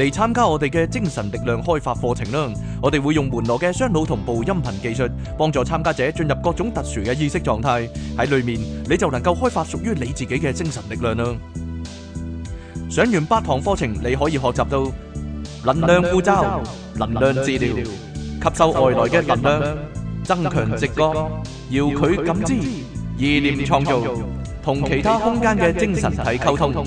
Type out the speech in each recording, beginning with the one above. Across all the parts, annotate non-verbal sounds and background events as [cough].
嚟參加我哋嘅精神力量開發課程啦！我哋會用門羅嘅雙腦同步音頻技術，幫助參加者進入各種特殊嘅意識狀態。喺裡面你就能夠開發屬於你自己嘅精神力量啦！上完八堂課程，你可以學習到能量護罩、能量治療、吸收外來嘅能量、增強直覺、遙距感知、意念創造、同其他空間嘅精神體溝通。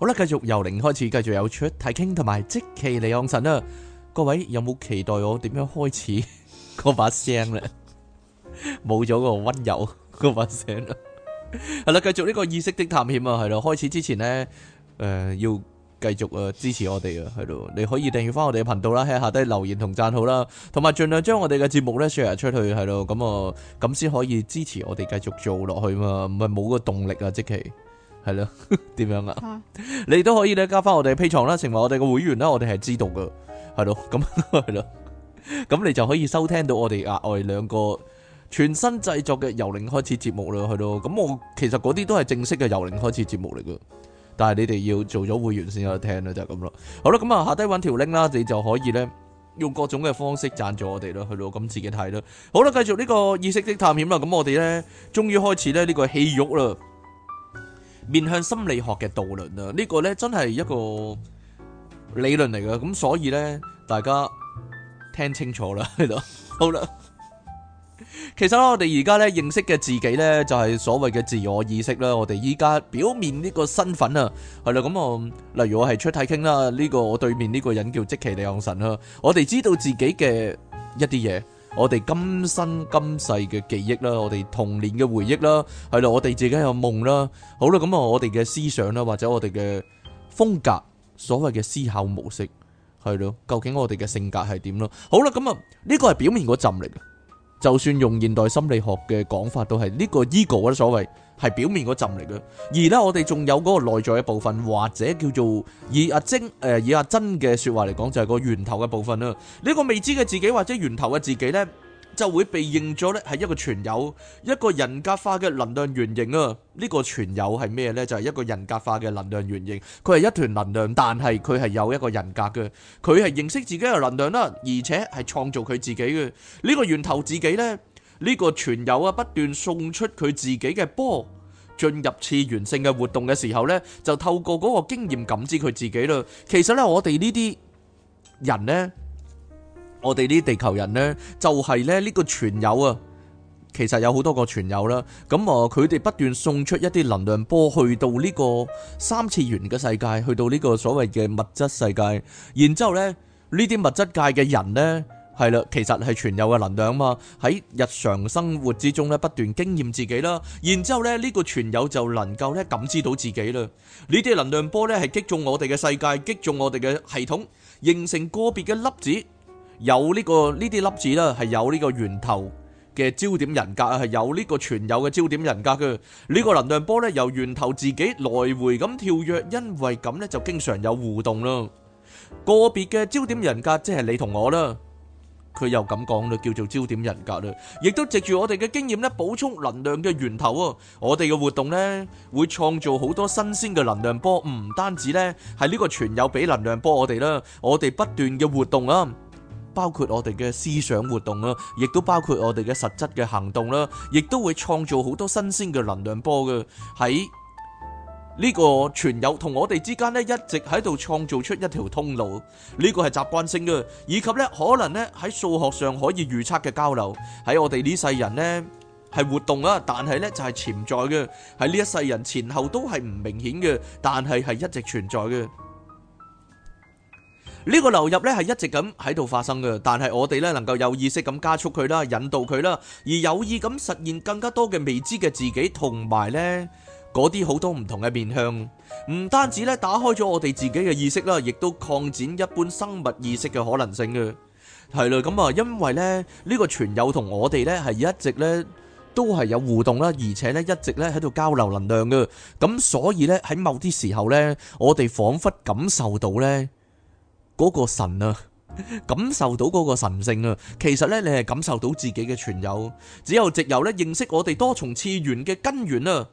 好啦，繼續由零開始，繼續有出睇傾同埋即期嚟昂神啊！各位有冇期待我點樣開始個 [laughs] 把聲咧？冇 [laughs] 咗個溫柔個 [laughs] 把聲啦！係啦，繼續呢個意識的探險啊！係咯，開始之前呢，誒、呃、要繼續啊支持我哋啊，係咯，你可以訂閱翻我哋嘅頻道啦、啊，喺下低留言同讚好啦、啊，同埋盡量將我哋嘅節目咧 share 出去，係咯，咁啊咁先可以支持我哋繼續做落去嘛，唔係冇個動力啊！即期。係咯，點樣啊？啊你都可以咧加翻我哋嘅 P 牀啦，成為我哋嘅會員啦，我哋係知道嘅，係咯，咁係咯，咁你就可以收聽到我哋額外兩個全新製作嘅由零開始節目啦，係咯，咁我其實嗰啲都係正式嘅由零開始節目嚟嘅，但係你哋要做咗會員先有得聽啦，就係咁咯。好啦，咁啊下低搵條 link 啦，你就可以咧用各種嘅方式贊助我哋啦，係咯，咁自己睇啦。好啦，繼續呢、這個意識的探險啦，咁我哋咧終於開始咧呢、這個氣肉啦。面向心理學嘅導論啊，呢、這個呢真係一個理論嚟噶，咁所以呢，大家聽清楚啦，係咯，好啦，其實我哋而家咧認識嘅自己呢，就係所謂嘅自我意識啦。我哋依家表面呢個身份啊，係啦，咁、嗯、我例如我係出太傾啦，呢個我對面呢個人叫即其利昂神啦，我哋知道自己嘅一啲嘢。我哋今生今世嘅記憶啦，我哋童年嘅回憶啦，係咯，我哋自己有夢啦，好啦，咁啊，我哋嘅思想啦，或者我哋嘅風格，所謂嘅思考模式，係咯，究竟我哋嘅性格係點咯？好啦，咁啊，呢個係表面嗰浸嚟嘅，就算用現代心理學嘅講法，都係呢個 ego 啦，所謂。係表面嗰層嚟嘅，而呢，我哋仲有嗰個內在嘅部分，或者叫做以阿晶、呃、以阿真嘅說話嚟講，就係、是、個源頭嘅部分啦。呢、這個未知嘅自己或者源頭嘅自己呢，就會被認咗咧係一個存有一個人格化嘅能量原型啊！呢、這個存有係咩呢？就係、是、一個人格化嘅能量原型，佢係一團能量，但係佢係有一個人格嘅，佢係認識自己嘅能量啦，而且係創造佢自己嘅呢、這個源頭自己呢。呢、這個全友啊，不斷送出佢自己嘅波，進入次元性嘅活動嘅時候呢，就透過嗰個經驗感知佢自己啦。其實呢，我哋呢啲人呢，我哋呢啲地球人呢，就係咧呢個全友啊。其實有好多個全友啦。咁啊，佢哋不斷送出一啲能量波去到呢個三次元嘅世界，去到呢個所謂嘅物質世界，然之後咧，呢啲物質界嘅人呢。係啦，其實係存有嘅能量嘛。喺日常生活之中咧，不斷經驗自己啦，然之後咧呢個存有就能夠咧感知到自己啦。呢啲能量波咧係擊中我哋嘅世界，擊中我哋嘅系統，形成個別嘅粒子。有呢個呢啲粒子啦，係有呢個源頭嘅焦點人格啊，係有呢個存有嘅焦點人格嘅呢個能量波咧，由源頭自己來回咁跳躍，因為咁咧就經常有互動啦。個別嘅焦點人格即係你同我啦。佢又咁講啦，叫做焦點人格啦，亦都藉住我哋嘅經驗咧，補充能量嘅源頭啊！我哋嘅活動呢，會創造好多新鮮嘅能量波，唔單止呢係呢個全有俾能量波我哋啦，我哋不斷嘅活動啊，包括我哋嘅思想活動啊，亦都包括我哋嘅實質嘅行動啦，亦都會創造好多新鮮嘅能量波嘅喺。呢個存有同我哋之間咧，一直喺度創造出一條通路。呢個係習慣性嘅，以及咧可能咧喺數學上可以預測嘅交流喺我哋呢世人咧係活動啊，但係咧就係潛在嘅，喺呢一世人前後都係唔明顯嘅，但係係一直存在嘅。呢個流入咧係一直咁喺度發生嘅，但係我哋咧能夠有意識咁加速佢啦，引導佢啦，而有意咁實現更加多嘅未知嘅自己同埋咧。嗰啲好多唔同嘅面向，唔單止咧打開咗我哋自己嘅意識啦，亦都擴展一般生物意識嘅可能性嘅，係啦。咁啊，因為咧呢個存有同我哋咧係一直咧都係有互動啦，而且咧一直咧喺度交流能量嘅，咁所以咧喺某啲時候咧，我哋仿佛感受到咧嗰個神啊，感受到嗰個神性啊。其實咧，你係感受到自己嘅存有，只有藉由咧認識我哋多重次元嘅根源啊。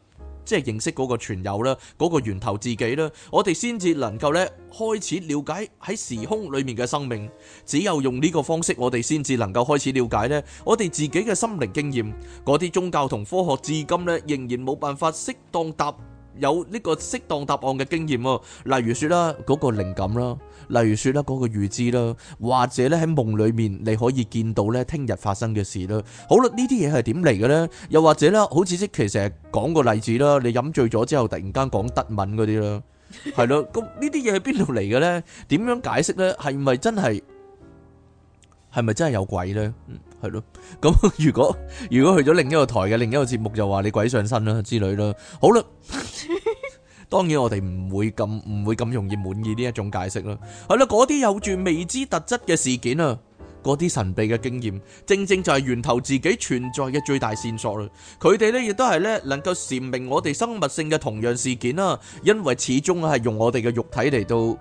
即係認識嗰個存有啦，嗰個源頭自己啦，我哋先至能夠呢開始了解喺時空裏面嘅生命。只有用呢個方式，我哋先至能夠開始了解呢我哋自己嘅心靈經驗。嗰啲宗教同科學至今呢仍然冇辦法適當答。有呢個適當答案嘅經驗啊，例如說啦嗰個靈感啦，例如說啦嗰個預知啦，或者咧喺夢裏面你可以見到咧聽日發生嘅事啦。好啦，呢啲嘢係點嚟嘅咧？又或者咧，好似即其實講個例子啦，你飲醉咗之後突然間講德文嗰啲啦，係咯，咁呢啲嘢係邊度嚟嘅咧？點樣解釋咧？係咪真係？係咪真係有鬼呢？嗯，係咯。咁如果如果去咗另一個台嘅另一個節目，就話你鬼上身啦之類啦。好啦，當然我哋唔會咁唔會咁容易滿意呢一種解釋啦。係啦，嗰啲有住未知特質嘅事件啊，嗰啲神秘嘅經驗，正正就係源頭自己存在嘅最大線索啦。佢哋呢亦都係呢能夠闡明我哋生物性嘅同樣事件啦，因為始終係用我哋嘅肉體嚟到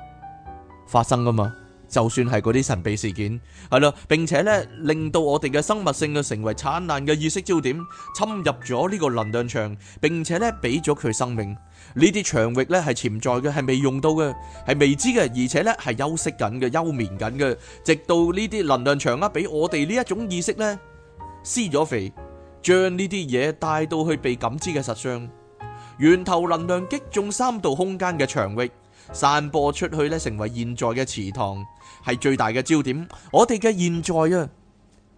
發生噶嘛。就算係嗰啲神秘事件，係啦，並且咧令到我哋嘅生物性就成為燦爛嘅意識焦點，侵入咗呢個能量場，並且咧俾咗佢生命。呢啲場域咧係潛在嘅，係未用到嘅，係未知嘅，而且咧係休息緊嘅，休眠緊嘅，直到呢啲能量場啊俾我哋呢一種意識咧施咗肥，將呢啲嘢帶到去被感知嘅實相，源頭能量擊中三度空間嘅場域，散播出去咧，成為現在嘅池塘。係最大嘅焦點。我哋嘅現在啊，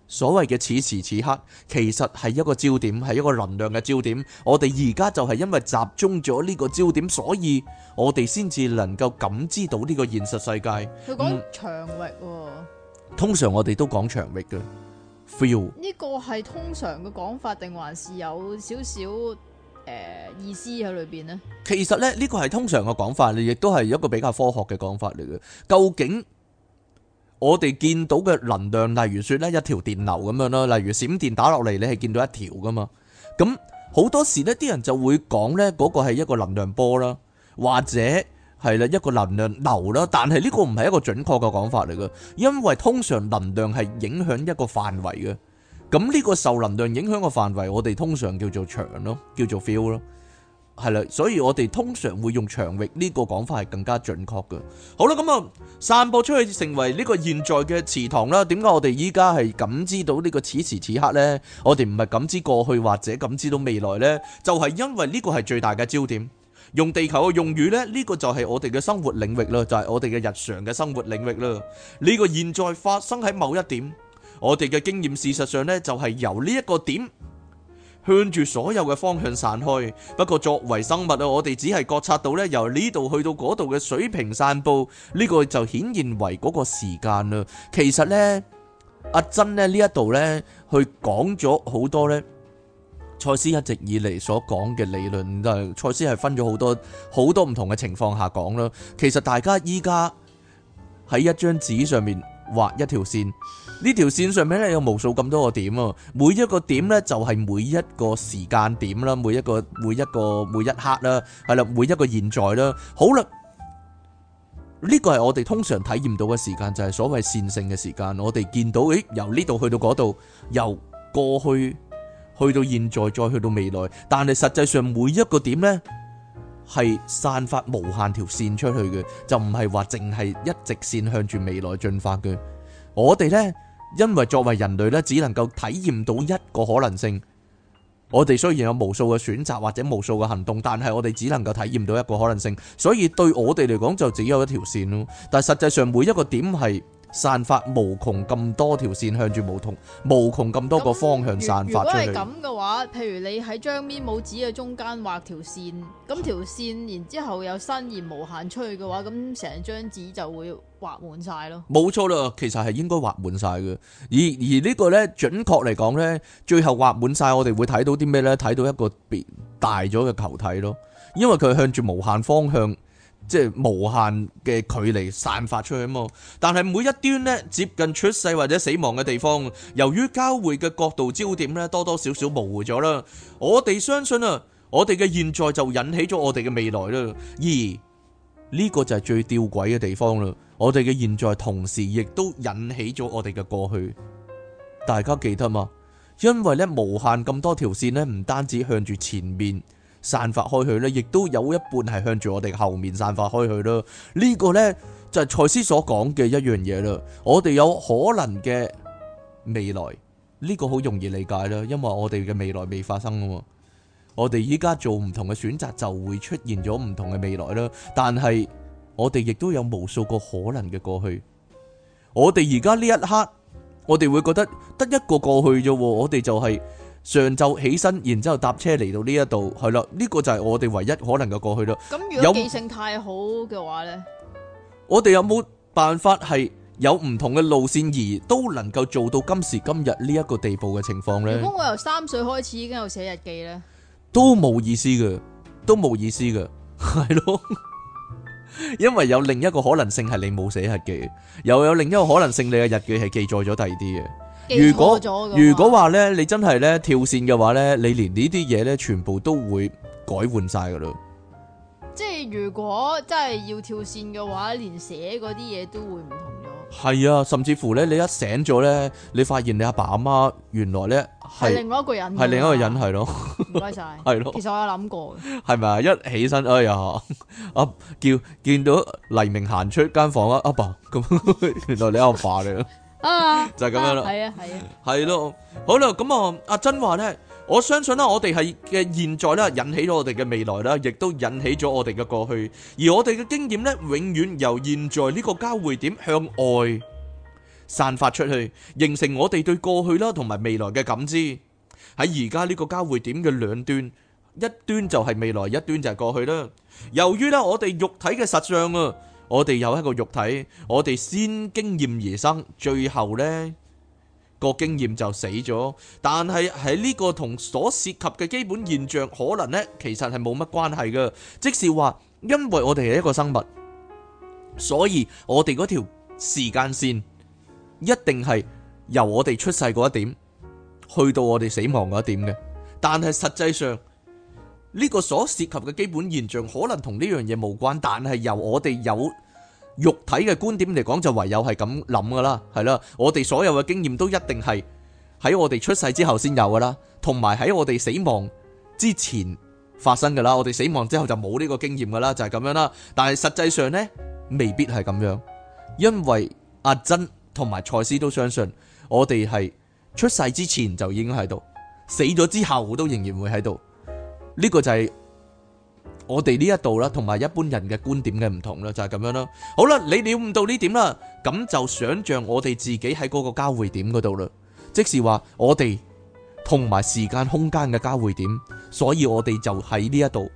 所謂嘅此時此刻，其實係一個焦點，係一個能量嘅焦點。我哋而家就係因為集中咗呢個焦點，所以我哋先至能夠感知到呢個現實世界。佢講長域喎，通常我哋都講長域嘅 feel，呢個係通常嘅講法，定還是有少少誒意思喺裏邊呢？其實呢呢個係通常嘅講法，你亦都係一個比較科學嘅講法嚟嘅。究竟？我哋見到嘅能量，例如説咧一條電流咁樣啦，例如閃電打落嚟，你係見到一條噶嘛？咁好多時呢啲人就會講呢，嗰個係一個能量波啦，或者係啦一個能量流啦，但係呢個唔係一個準確嘅講法嚟嘅，因為通常能量係影響一個範圍嘅。咁呢個受能量影響嘅範圍，我哋通常叫做長咯，叫做 feel 咯。係啦，所以我哋通常會用長域呢個講法係更加準確嘅。好啦，咁啊，散播出去成為呢個現在嘅池塘啦。點解我哋依家係感知到呢個此時此刻呢？我哋唔係感知過去或者感知到未來呢，就係、是、因為呢個係最大嘅焦點。用地球嘅用語呢，呢、這個就係我哋嘅生活領域啦，就係、是、我哋嘅日常嘅生活領域啦。呢、這個現在發生喺某一點，我哋嘅經驗事實上呢，就係、是、由呢一個點。向住所有嘅方向散開，不過作為生物啊，我哋只係覺察到咧由呢度去到嗰度嘅水平散布，呢、這個就顯現為嗰個時間啦。其實呢，阿珍呢呢一度呢去講咗好多呢。賽斯一直以嚟所講嘅理論，賽斯係分咗好多好多唔同嘅情況下講啦。其實大家依家喺一張紙上面畫一條線。呢條線上面咧有無數咁多個點啊，每一個點咧就係每一個時間點啦，每一個每一個每一刻啦，係啦，每一個現在啦。好啦，呢個係我哋通常體驗到嘅時間，就係所謂線性嘅時間。我哋見到誒，由呢度去到嗰度，由過去去到現在再去到未來，但係實際上每一個點咧係散發無限條線出去嘅，就唔係話淨係一直線向住未來進發嘅。我哋咧。因為作為人類咧，只能夠體驗到一個可能性。我哋雖然有無數嘅選擇或者無數嘅行動，但係我哋只能夠體驗到一個可能性。所以對我哋嚟講就只有一條線咯。但實際上每一個點係。散發無窮咁多條線，向住無窮無窮咁多個方向散發出去。如果係咁嘅話，譬如你喺張面冇紙嘅中間畫條線，咁條線然之後又伸延無限出去嘅話，咁成張紙就會畫滿晒咯。冇錯啦，其實係應該畫滿晒嘅。而而呢個咧，準確嚟講咧，最後畫滿晒，我哋會睇到啲咩咧？睇到一個變大咗嘅球體咯，因為佢向住無限方向。即係無限嘅距離散發出去啊嘛！但係每一端咧接近出世或者死亡嘅地方，由於交匯嘅角度焦點咧多多少少模糊咗啦。我哋相信啊，我哋嘅現在就引起咗我哋嘅未來啦。而呢個就係最吊詭嘅地方啦！我哋嘅現在同時亦都引起咗我哋嘅過去。大家記得嘛？因為呢無限咁多條線呢，唔單止向住前面。散發開去咧，亦都有一半係向住我哋後面散發開去啦。呢個呢，就係賽斯所講嘅一樣嘢啦。我哋有可能嘅未來，呢個好容易理解啦，因為我哋嘅未來未發生啊嘛。我哋依家做唔同嘅選擇，就會出現咗唔同嘅未來啦。但係我哋亦都有無數個可能嘅過去。我哋而家呢一刻，我哋會覺得得一個過去啫，我哋就係。上晝起身，然之後搭車嚟到呢一度，係啦，呢個就係我哋唯一可能嘅過去啦。咁如果記性太好嘅話呢，有我哋有冇辦法係有唔同嘅路線而都能夠做到今時今日呢一個地步嘅情況呢？如果我由三歲開始已經有寫日記呢，都冇意思嘅，都冇意思嘅，係咯。因為有另一個可能性係你冇寫日記，又有另一個可能性是你嘅日記係記載咗第二啲嘅。如果如果話咧，你真係咧跳線嘅話咧，你連呢啲嘢咧，全部都會改換晒噶啦。即係如果真係要跳線嘅話，連寫嗰啲嘢都會唔同咗。係啊，甚至乎咧，你一醒咗咧，你發現你阿爸阿媽原來咧係另外一,一個人，係另外一個人係咯。唔該晒，係 [laughs] 咯。其實我有諗過。係咪啊？一起身，哎呀，阿、啊、叫見到黎明行出間房啊，阿爸，咁原來你阿爸嚟啊！ [laughs] 啊，就係咁樣咯，係啊，係啊，係咯，好啦，咁啊，阿珍話咧，我相信咧，我哋係嘅現在咧，引起咗我哋嘅未來啦，亦都引起咗我哋嘅過去，而我哋嘅經驗咧，永遠由現在呢個交匯點向外散發出去，形成我哋對過去啦同埋未來嘅感知。喺而家呢個交匯點嘅兩端，一端就係未來，一端就係過去啦。由於咧，我哋肉體嘅實相啊。我哋有一個肉體，我哋先經驗而生，最後呢個經驗就死咗。但係喺呢個同所涉及嘅基本現象可能呢，其實係冇乜關係嘅。即是話，因為我哋係一個生物，所以我哋嗰條時間線一定係由我哋出世嗰一點去到我哋死亡嗰一點嘅。但係實際上，呢個所涉及嘅基本現象可能同呢樣嘢無關，但係由我哋有肉體嘅觀點嚟講，就唯有係咁諗㗎啦，係啦，我哋所有嘅經驗都一定係喺我哋出世之後先有㗎啦，同埋喺我哋死亡之前發生㗎啦，我哋死亡之後就冇呢個經驗㗎啦，就係咁樣啦。但係實際上呢，未必係咁樣，因為阿珍同埋賽斯都相信我哋係出世之前就已經喺度，死咗之後都仍然會喺度。呢個就係我哋呢一度啦，同埋一般人嘅觀點嘅唔同啦，就係咁樣啦。好啦，你了悟到呢點啦，咁就想象我哋自己喺嗰個交匯點嗰度啦，即是話我哋同埋時間空間嘅交匯點，所以我哋就喺呢一度，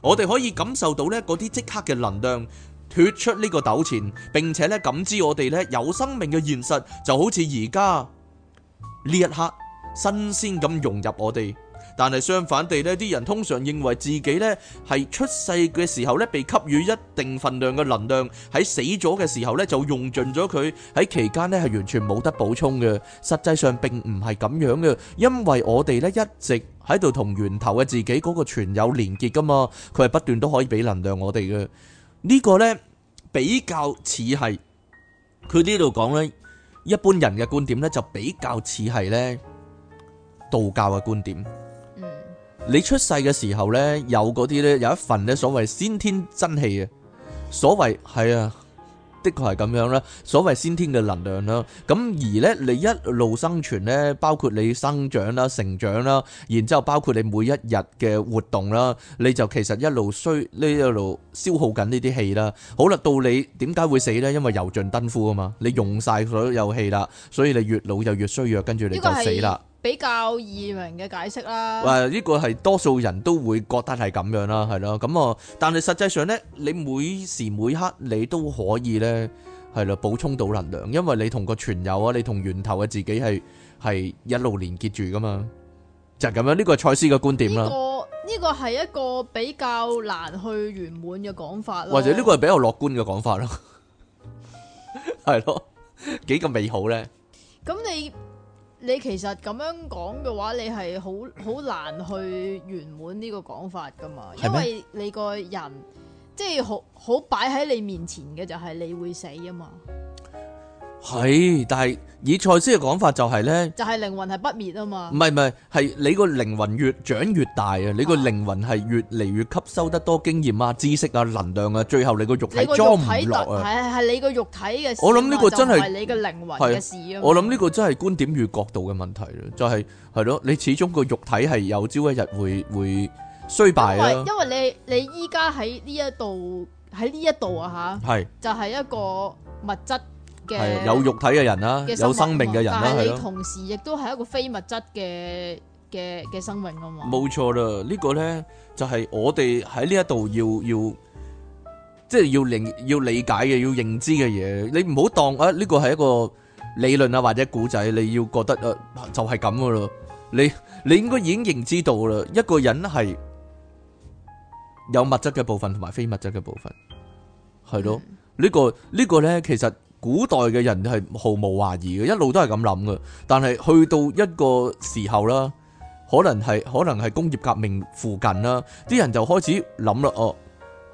我哋可以感受到呢嗰啲即刻嘅能量脫出呢個糾纏，並且呢感知我哋呢有生命嘅現實就好似而家呢一刻新鮮咁融入我哋。但係相反地咧，啲人通常認為自己咧係出世嘅時候咧被給予一定份量嘅能量，喺死咗嘅時候咧就用盡咗佢，喺期間咧係完全冇得補充嘅。實際上並唔係咁樣嘅，因為我哋咧一直喺度同源頭嘅自己嗰個存有連結噶嘛，佢係不斷都可以俾能量我哋嘅。呢個咧比較似係佢呢度講咧，一般人嘅觀點咧就比較似係咧道教嘅觀點。你出世嘅時候呢，有嗰啲呢，有一份呢所謂先天真氣啊，所謂係啊，的確係咁樣啦，所謂先天嘅能量啦，咁而呢，你一路生存呢，包括你生長啦、成長啦，然之後包括你每一日嘅活動啦，你就其實一路衰呢一路消耗緊呢啲氣啦。好啦，到你點解會死呢？因為油盡燈枯啊嘛，你用晒所有氣啦，所以你越老就越衰弱，跟住你就死啦。比較易明嘅解釋啦，誒，呢個係多數人都會覺得係咁樣啦，係咯，咁啊，但係實際上咧，你每時每刻你都可以咧，係啦，補充到能量，因為你同個泉有啊，你同源頭嘅自己係係一路連結住噶嘛，就係咁樣，呢個係賽斯嘅觀點啦。呢個呢個係一個比較難去圓滿嘅講法啦。或者呢個係比較樂觀嘅講法啦，係咯，幾咁美好咧？咁你？你其實咁樣講嘅話，你係好好難去圓滿呢個講法㗎嘛，因為你個人，即係好好擺喺你面前嘅就係你會死啊嘛。係，但係以賽斯嘅講法就係咧，就係靈魂係不滅啊嘛。唔係唔係，係你個靈魂越長越大啊！你個靈魂係越嚟越吸收得多經驗啊、知識啊、能量啊，最後你個肉體裝唔起落啊！係係係，你個肉體嘅事我諗呢個真係係你嘅靈魂嘅事啊！我諗呢個真係觀點與角度嘅問題咯，就係係咯，你始終個肉體係有朝一日會會衰敗啊！因為因為你你依家喺呢一度喺呢一度啊吓，係就係一個物質。係有肉體嘅人啦，有生命嘅人啦，係咯。但係你同時亦都係一個非物質嘅嘅嘅生命啊嘛。冇錯啦，呢個咧就係我哋喺呢一度要要，即係要理要理解嘅，要認知嘅嘢。你唔好當啊，呢個係一個理論啊，或者古仔，你要覺得誒就係咁噶咯。你你應該已經認知到啦，一個人係有物質嘅部分同埋非物質嘅部分，係咯。呢個呢個咧，其實。古代嘅人係毫無懷疑嘅，一路都係咁諗嘅。但係去到一個時候啦，可能係可能係工業革命附近啦，啲人就開始諗啦，哦，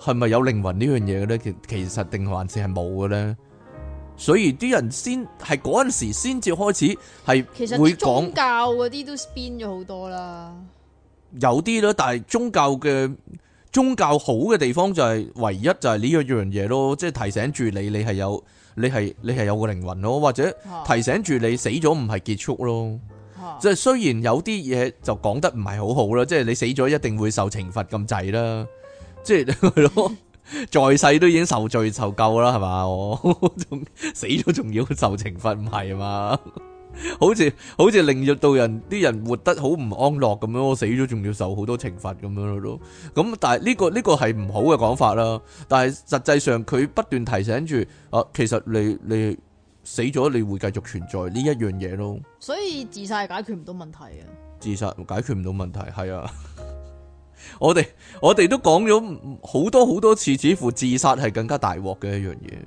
係咪有靈魂呢樣嘢咧？其其實定還是係冇嘅咧。所以啲人先係嗰陣時先至開始係會講。其實嗰啲宗教嗰啲都變咗好多啦，有啲咯，但係宗教嘅宗教好嘅地方就係、是、唯一就係呢一樣嘢咯，即、就、係、是、提醒住你，你係有。你係你係有個靈魂咯，或者提醒住你死咗唔係結束咯。嗯、即係雖然有啲嘢就講得唔係好好啦，即係你死咗一定會受懲罰咁滯啦。即係係咯， [laughs] 在世都已經受罪受夠啦，係嘛？我仲死咗仲要受懲罰，唔係嘛？好似好似令到人啲人活得好唔安樂咁樣，我死咗仲要受好多懲罰咁樣咯。咁但係呢個呢個係唔好嘅講法啦。但係實際上佢不斷提醒住啊，其實你你死咗你會繼續存在呢一樣嘢咯。所以自殺解決唔到問題啊！自殺解決唔到問題，係啊！ [laughs] 我哋我哋都講咗好多好多次，似乎自殺係更加大鑊嘅一樣嘢。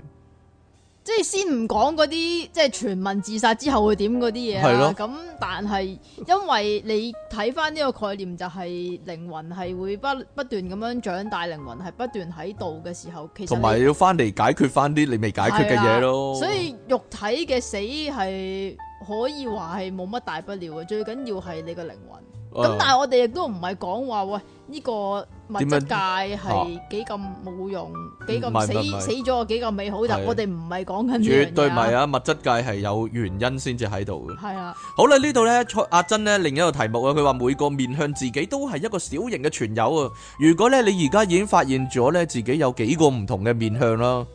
即係先唔講嗰啲，即係全民自殺之後會點嗰啲嘢啦。咁但係因為你睇翻呢個概念，就係靈魂係會不不斷咁樣長大，靈魂係不斷喺度嘅時候，其實同埋要翻嚟解決翻啲你未解決嘅嘢咯。所以肉體嘅死係可以話係冇乜大不了嘅，最緊要係你個靈魂。咁、哎、但係我哋亦都唔係講話喂呢、呢個。物質界係幾咁冇用。幾、啊、咁死死咗幾咁美好，但我哋唔係講緊，絕對唔係啊！物質界係有原因先至喺度嘅。係啊，好啦，呢度呢，阿珍呢，另一個題目啊，佢話每個面向自己都係一個小型嘅傳友啊。如果呢，你而家已經發現咗呢，自己有幾個唔同嘅面向啦，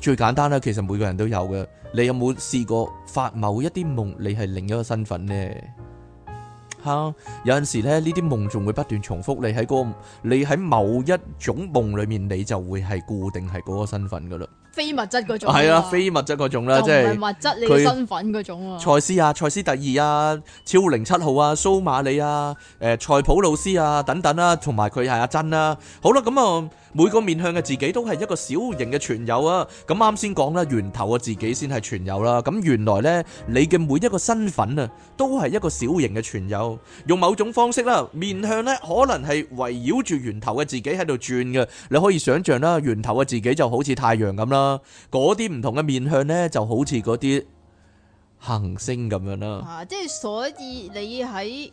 最簡單咧，其實每個人都有嘅。你有冇試過發某一啲夢，你係另一個身份呢？嗯、有陣時咧，呢啲夢仲會不斷重複。你喺、那個，你喺某一種夢裏面，你就會係固定係嗰個身份噶啦。非物質嗰種係啊，非物質嗰種啦，即係唔係物質你身份嗰種啊。賽斯啊，賽斯特二啊，超零七號啊，蘇瑪里啊，誒、呃，賽普老師啊，等等啦、啊，同埋佢係阿珍啦、啊。好啦，咁啊～每個面向嘅自己都係一個小型嘅存有啊！咁啱先講啦，源頭嘅自己先係存有啦。咁原來呢，你嘅每一個身份啊，都係一個小型嘅存有，用某種方式啦，面向呢可能係圍繞住源頭嘅自己喺度轉嘅。你可以想象啦，源頭嘅自己就好似太陽咁啦，嗰啲唔同嘅面向呢就好似嗰啲行星咁樣啦。啊，即係所以你喺。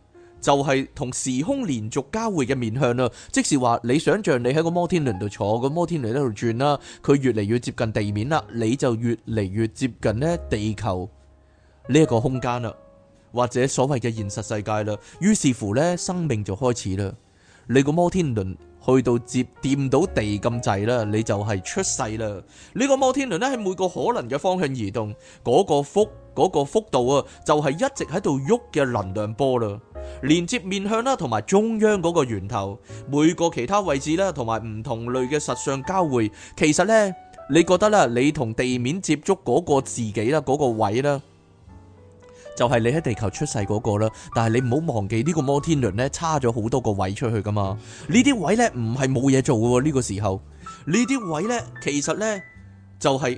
就係、是、同時空連續交匯嘅面向啦，即是話，你想象你喺個摩天輪度坐，個摩天輪喺度轉啦，佢越嚟越接近地面啦，你就越嚟越接近呢地球呢一個空間啦，或者所謂嘅現實世界啦。於是乎呢，生命就開始啦。你個摩天輪去到接掂到地咁滯啦，你就係出世啦。呢、這個摩天輪咧喺每個可能嘅方向移動，嗰、那個幅。嗰個幅度啊，就係一直喺度喐嘅能量波啦，連接面向啦，同埋中央嗰個源頭，每個其他位置啦，同埋唔同類嘅實相交匯，其實呢，你覺得啦，你同地面接觸嗰個自己啦，嗰個位啦，就係你喺地球出世嗰個啦。但係你唔好忘記呢個摩天輪咧，差咗好多個位出去㗎嘛。呢啲位呢，唔係冇嘢做嘅喎。呢個時候，呢啲位呢，其實呢，就係。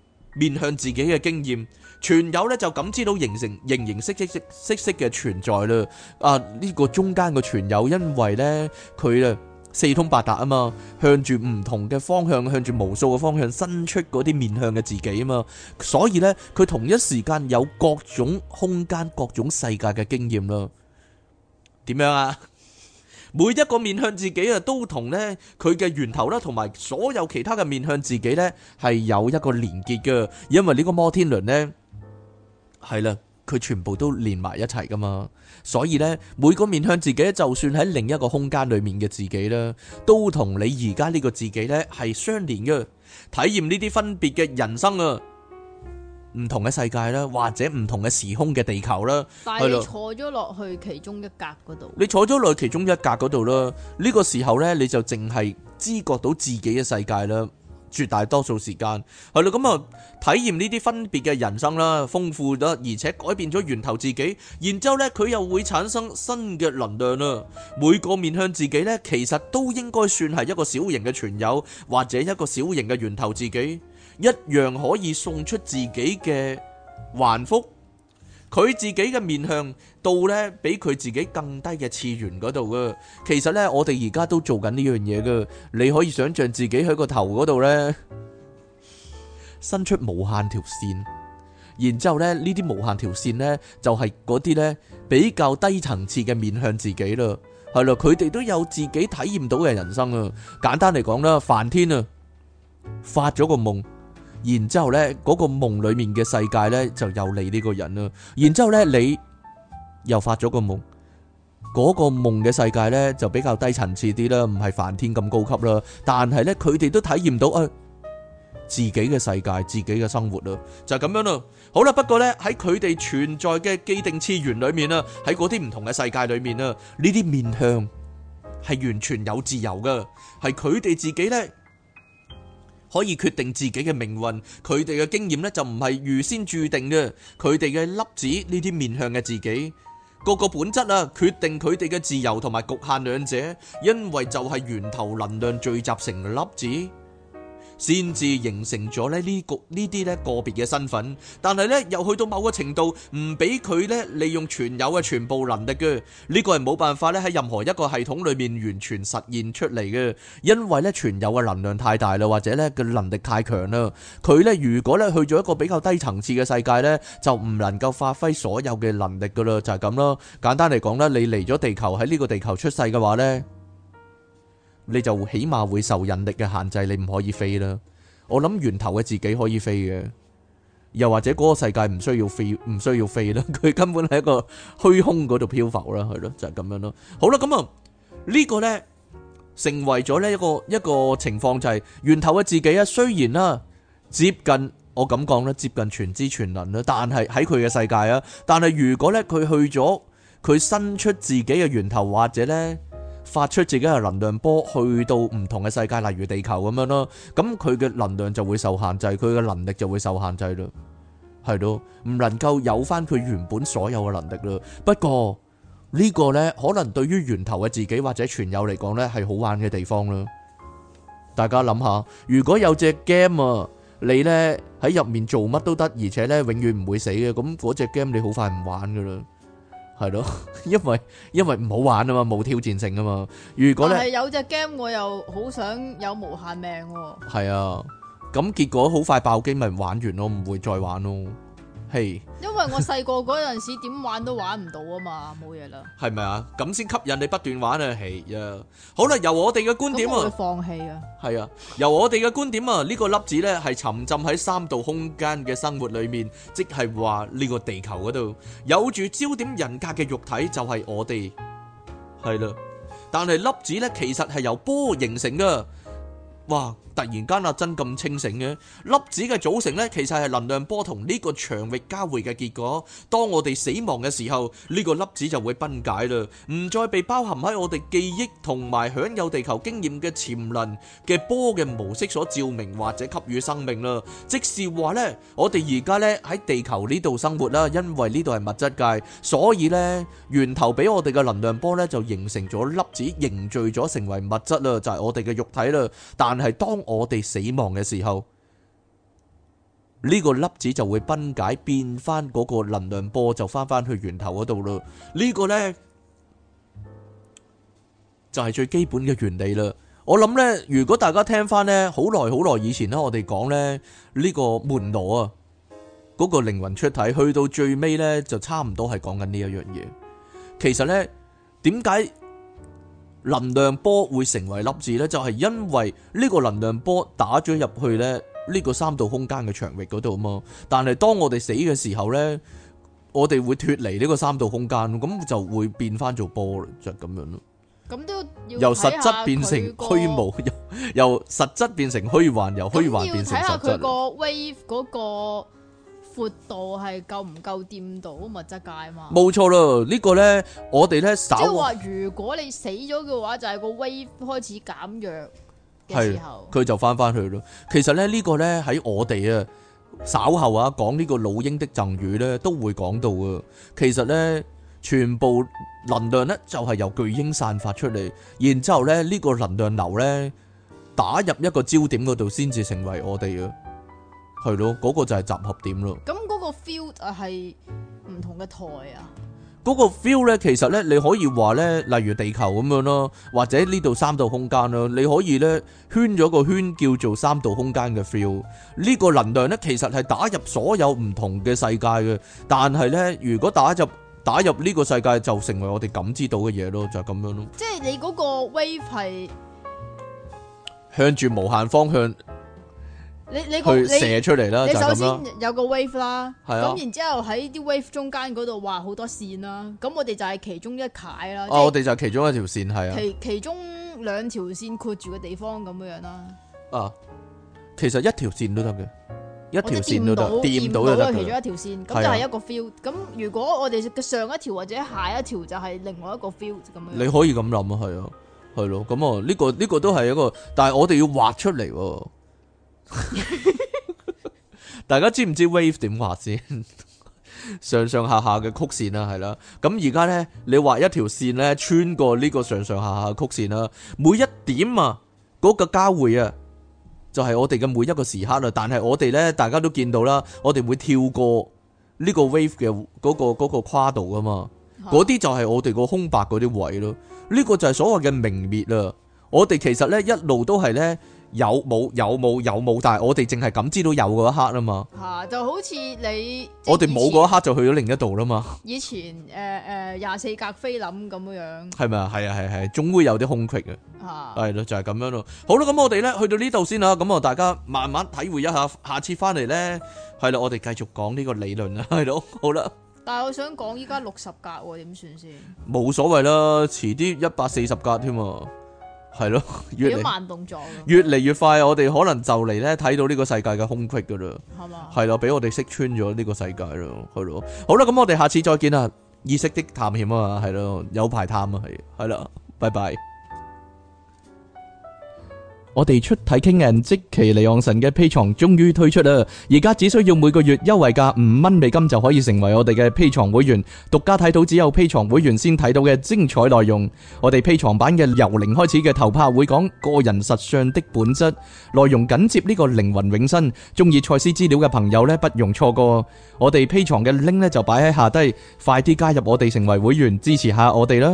面向自己嘅經驗，全有呢就感知到形成形形色色色色嘅存在啦。啊，呢個中間嘅全有，因為呢佢呢四通八達啊嘛，向住唔同嘅方向，向住無數嘅方向伸出嗰啲面向嘅自己啊嘛，所以呢佢同一時間有各種空間、各種世界嘅經驗啦。點樣啊？每一個面向自己啊，都同呢佢嘅源頭啦，同埋所有其他嘅面向自己呢，係有一個連結嘅。因為呢個摩天輪呢，係啦，佢全部都連埋一齊噶嘛。所以呢，每個面向自己，就算喺另一個空間裏面嘅自己呢，都同你而家呢個自己呢係相連嘅。體驗呢啲分別嘅人生啊，唔同嘅世界啦，或者唔同嘅時空嘅地球啦，但係你坐咗落去其中一格嗰度，你坐咗落其中一格嗰度啦。呢個時候呢，你就淨係知覺到自己嘅世界啦。絕大多數時間係咯，咁啊體驗呢啲分別嘅人生啦，豐富得，而且改變咗源頭自己。然之後呢，佢又會產生新嘅能量啦。每個面向自己呢，其實都應該算係一個小型嘅存有，或者一個小型嘅源頭自己。一樣可以送出自己嘅還福，佢自己嘅面向到咧，比佢自己更低嘅次元嗰度噶。其實咧，我哋而家都做緊呢樣嘢噶。你可以想象自己喺個頭嗰度咧，伸出無限條線，然之後咧呢啲無限條線咧就係嗰啲咧，比較低層次嘅面向自己啦。係咯，佢哋都有自己體驗到嘅人生啊。簡單嚟講啦，梵天啊，發咗個夢。然之後咧，嗰個夢裏面嘅世界咧，就有你呢個人啦。然之後咧，你又發咗個夢，嗰個夢嘅世界咧，就比較低層次啲啦，唔係梵天咁高級啦。但係咧，佢哋都體驗到啊，自己嘅世界，自己嘅生活咯，就咁樣咯。好啦，不過咧喺佢哋存在嘅既定次元裏面啊，喺嗰啲唔同嘅世界裏面啊，呢啲面向係完全有自由噶，係佢哋自己咧，可以決定自己嘅命運，佢哋嘅經驗咧，就唔係預先註定嘅，佢哋嘅粒子呢啲面向嘅自己，個個本質啊，決定佢哋嘅自由同埋局限兩者，因為就係源頭能量聚集成粒子，先至形成咗呢、這個呢啲咧個別嘅身份，但係呢又去到某個程度唔俾佢呢利用存有嘅全部能力嘅，呢、這個係冇辦法呢喺任何一個系統裏面完全實現出嚟嘅，因為呢存有嘅能量太大啦，或者呢個能力太強啦，佢呢如果呢去咗一個比較低層次嘅世界呢，就唔能夠發揮所有嘅能力噶啦，就係咁咯。簡單嚟講啦，你嚟咗地球喺呢個地球出世嘅話呢。你就起碼會受引力嘅限制，你唔可以飛啦。我諗源頭嘅自己可以飛嘅，又或者嗰個世界唔需要飛，唔需要飛啦。佢根本喺一個虛空嗰度漂浮啦，係咯，就係咁樣咯。好啦，咁啊呢個呢，成為咗呢一個一個情況就係源頭嘅自己啊。雖然啦接近，我咁講啦，接近全知全能啦，但係喺佢嘅世界啊，但係如果呢，佢去咗，佢伸出自己嘅源頭或者呢。發出自己嘅能量波去到唔同嘅世界，例如地球咁樣咯，咁佢嘅能量就會受限制，佢嘅能力就會受限制咯，係咯，唔能夠有翻佢原本所有嘅能力咯。不過呢個咧，可能對於源頭嘅自己或者全友嚟講咧，係好玩嘅地方啦。大家諗下，如果有隻 game 啊，你咧喺入面做乜都得，而且咧永遠唔會死嘅，咁嗰隻 game 你好快唔玩噶啦。係咯，因為因為唔好玩啊嘛，冇挑戰性啊嘛。如果你係有隻 game，我又好想有無限命喎、哦。係啊，咁結果好快爆機，咪玩完咯，唔會再玩咯。係，因為我細個嗰陣時點玩都玩唔到啊嘛，冇嘢啦。係咪啊？咁先吸引你不斷玩啊？係啊。好啦，由我哋嘅觀點啊，我會放棄啊。係啊，由我哋嘅觀點啊，呢個粒子咧係沉浸喺三度空間嘅生活裏面，即係話呢個地球嗰度有住焦點人格嘅肉體就係我哋，係啦。但係粒子咧其實係由波形成噶，哇！突然間啊真咁清醒嘅，粒子嘅組成咧，其實係能量波同呢個長域交匯嘅結果。當我哋死亡嘅時候，呢個粒子就會分解啦，唔再被包含喺我哋記憶同埋享有地球經驗嘅潛能嘅波嘅模式所照明或者給予生命啦。即是話咧，我哋而家咧喺地球呢度生活啦，因為呢度係物質界，所以咧源頭俾我哋嘅能量波咧就形成咗粒子，凝聚咗成為物質啦，就係我哋嘅肉體啦。但係當我哋死亡嘅時候，呢個粒子就會分解，變翻嗰個能量波，就翻翻去源頭嗰度喇。呢個呢，就係最基本嘅原理啦。我諗呢，如果大家聽翻呢，好耐好耐以前咧，我哋講呢，呢個門羅啊，嗰個靈魂出體去到最尾呢，就差唔多係講緊呢一樣嘢。其實呢，點解？能量波會成為粒子咧，就係因為呢個能量波打咗入去咧呢個三度空間嘅場域嗰度啊嘛。但係當我哋死嘅時候咧，我哋會脫離呢個三度空間，咁就會變翻做波咯，就係咁樣咯。咁都要由實質變成虛無，由由實質變成虛幻，由虛，虛幻變成實質。wave 嗰闊度係夠唔夠掂到物質界嘛？冇錯啦，呢個咧我哋咧稍後，即係話，如果你死咗嘅話，就係個 wave 開始減弱嘅時候，佢就翻翻去咯。其實咧呢個咧喺我哋啊稍後啊講呢個老鷹的贈語咧都會講到噶。其實咧全部能量咧就係由巨鷹散發出嚟，然之後咧呢個能量流咧打入一個焦點嗰度，先至成為我哋啊。係咯，嗰個就係集合點咯。咁嗰個 feel 啊，係唔同嘅台啊。嗰個 feel 呢，其實呢，你可以話呢，例如地球咁樣咯，或者呢度三度空間咯，你可以呢，圈咗個圈，叫做三度空間嘅 feel。呢個能量呢，其實係打入所有唔同嘅世界嘅。但係呢，如果打入打入呢個世界，就成為我哋感知到嘅嘢咯，就係咁樣咯。即係你嗰個 wave 係向住無限方向。你呢個射出嚟啦，就是。你首先有個 wave 啦，啊，咁然之後喺啲 wave 中間嗰度畫好多線啦，咁，啊，我哋就係其中一楷啦。哦，啊就是，我哋就係其中一條線係啊。其其中兩條線括住嘅地方咁樣樣啦。啊，其實一條線都得嘅，一條線都得。掂到掂到都得。其中一條線咁，啊，就係一個 field，啊。咁如果我哋嘅上一條或者下一條就係另外一個 field 咁，啊就是，樣。你可以咁諗啊，係啊，係咯。咁啊，呢，這個呢，這個都係一個，但係我哋要畫出嚟。 [laughs] 大家知唔知 wave 點畫先？ [laughs] 上上下下嘅曲線啦，係啦。咁而家呢，你畫一條線呢，穿過呢個上上下下曲線啦。每一點啊，嗰、嗰個交匯啊，就係、係、我哋嘅每一個時刻啦。但係我哋呢，大家都見到啦，我哋會跳過呢個 wave 嘅嗰、嗰個嗰、嗰個跨度啊嘛。嗰、啊、啲就係我哋個空白嗰啲位咯。呢、呢個就係所謂嘅明滅喇。我哋其實呢，一路都係呢。有冇有冇有冇？但係我哋淨係咁知道有嗰一刻啊嘛。嚇，就好似你我哋冇嗰一刻就去咗另一度啦嘛。以前誒誒廿四格菲林咁樣。係咪啊？係啊係係，總會有啲空隙嘅。嚇，係咯，就係咁樣咯。好啦，咁我哋咧去到呢度先啦。咁啊，大家慢慢體會一下。下次翻嚟咧，係啦，我哋繼續講呢個理論啦。係咯，好啦。但係我想講依家六十格喎，點算先？冇所謂啦，遲啲一百四十格添啊。係咯，越嚟越慢動作，越嚟越快，我哋可能就嚟咧睇到呢個世界嘅空隙噶啦，係嘛，係咯，俾我哋識穿咗呢個世界咯，係咯，好啦，咁我哋下次再見啦，意識的探險啊嘛，係咯，有排探啊，係，係啦，拜拜。我哋出體傾人即期利昂神嘅 P 床終於推出啦！而家只需要每個月優惠價五蚊美金就可以成為我哋嘅 P 床會員，獨家睇到只有 P 床會員先睇到嘅精彩內容。我哋 P 牀版嘅由零開始嘅頭拍會講個人實相的本質內容，緊接呢個靈魂永生。中意蔡司資料嘅朋友呢，不容錯過。我哋 P 床嘅拎呢，就擺喺下低，快啲加入我哋成為會員，支持下我哋啦！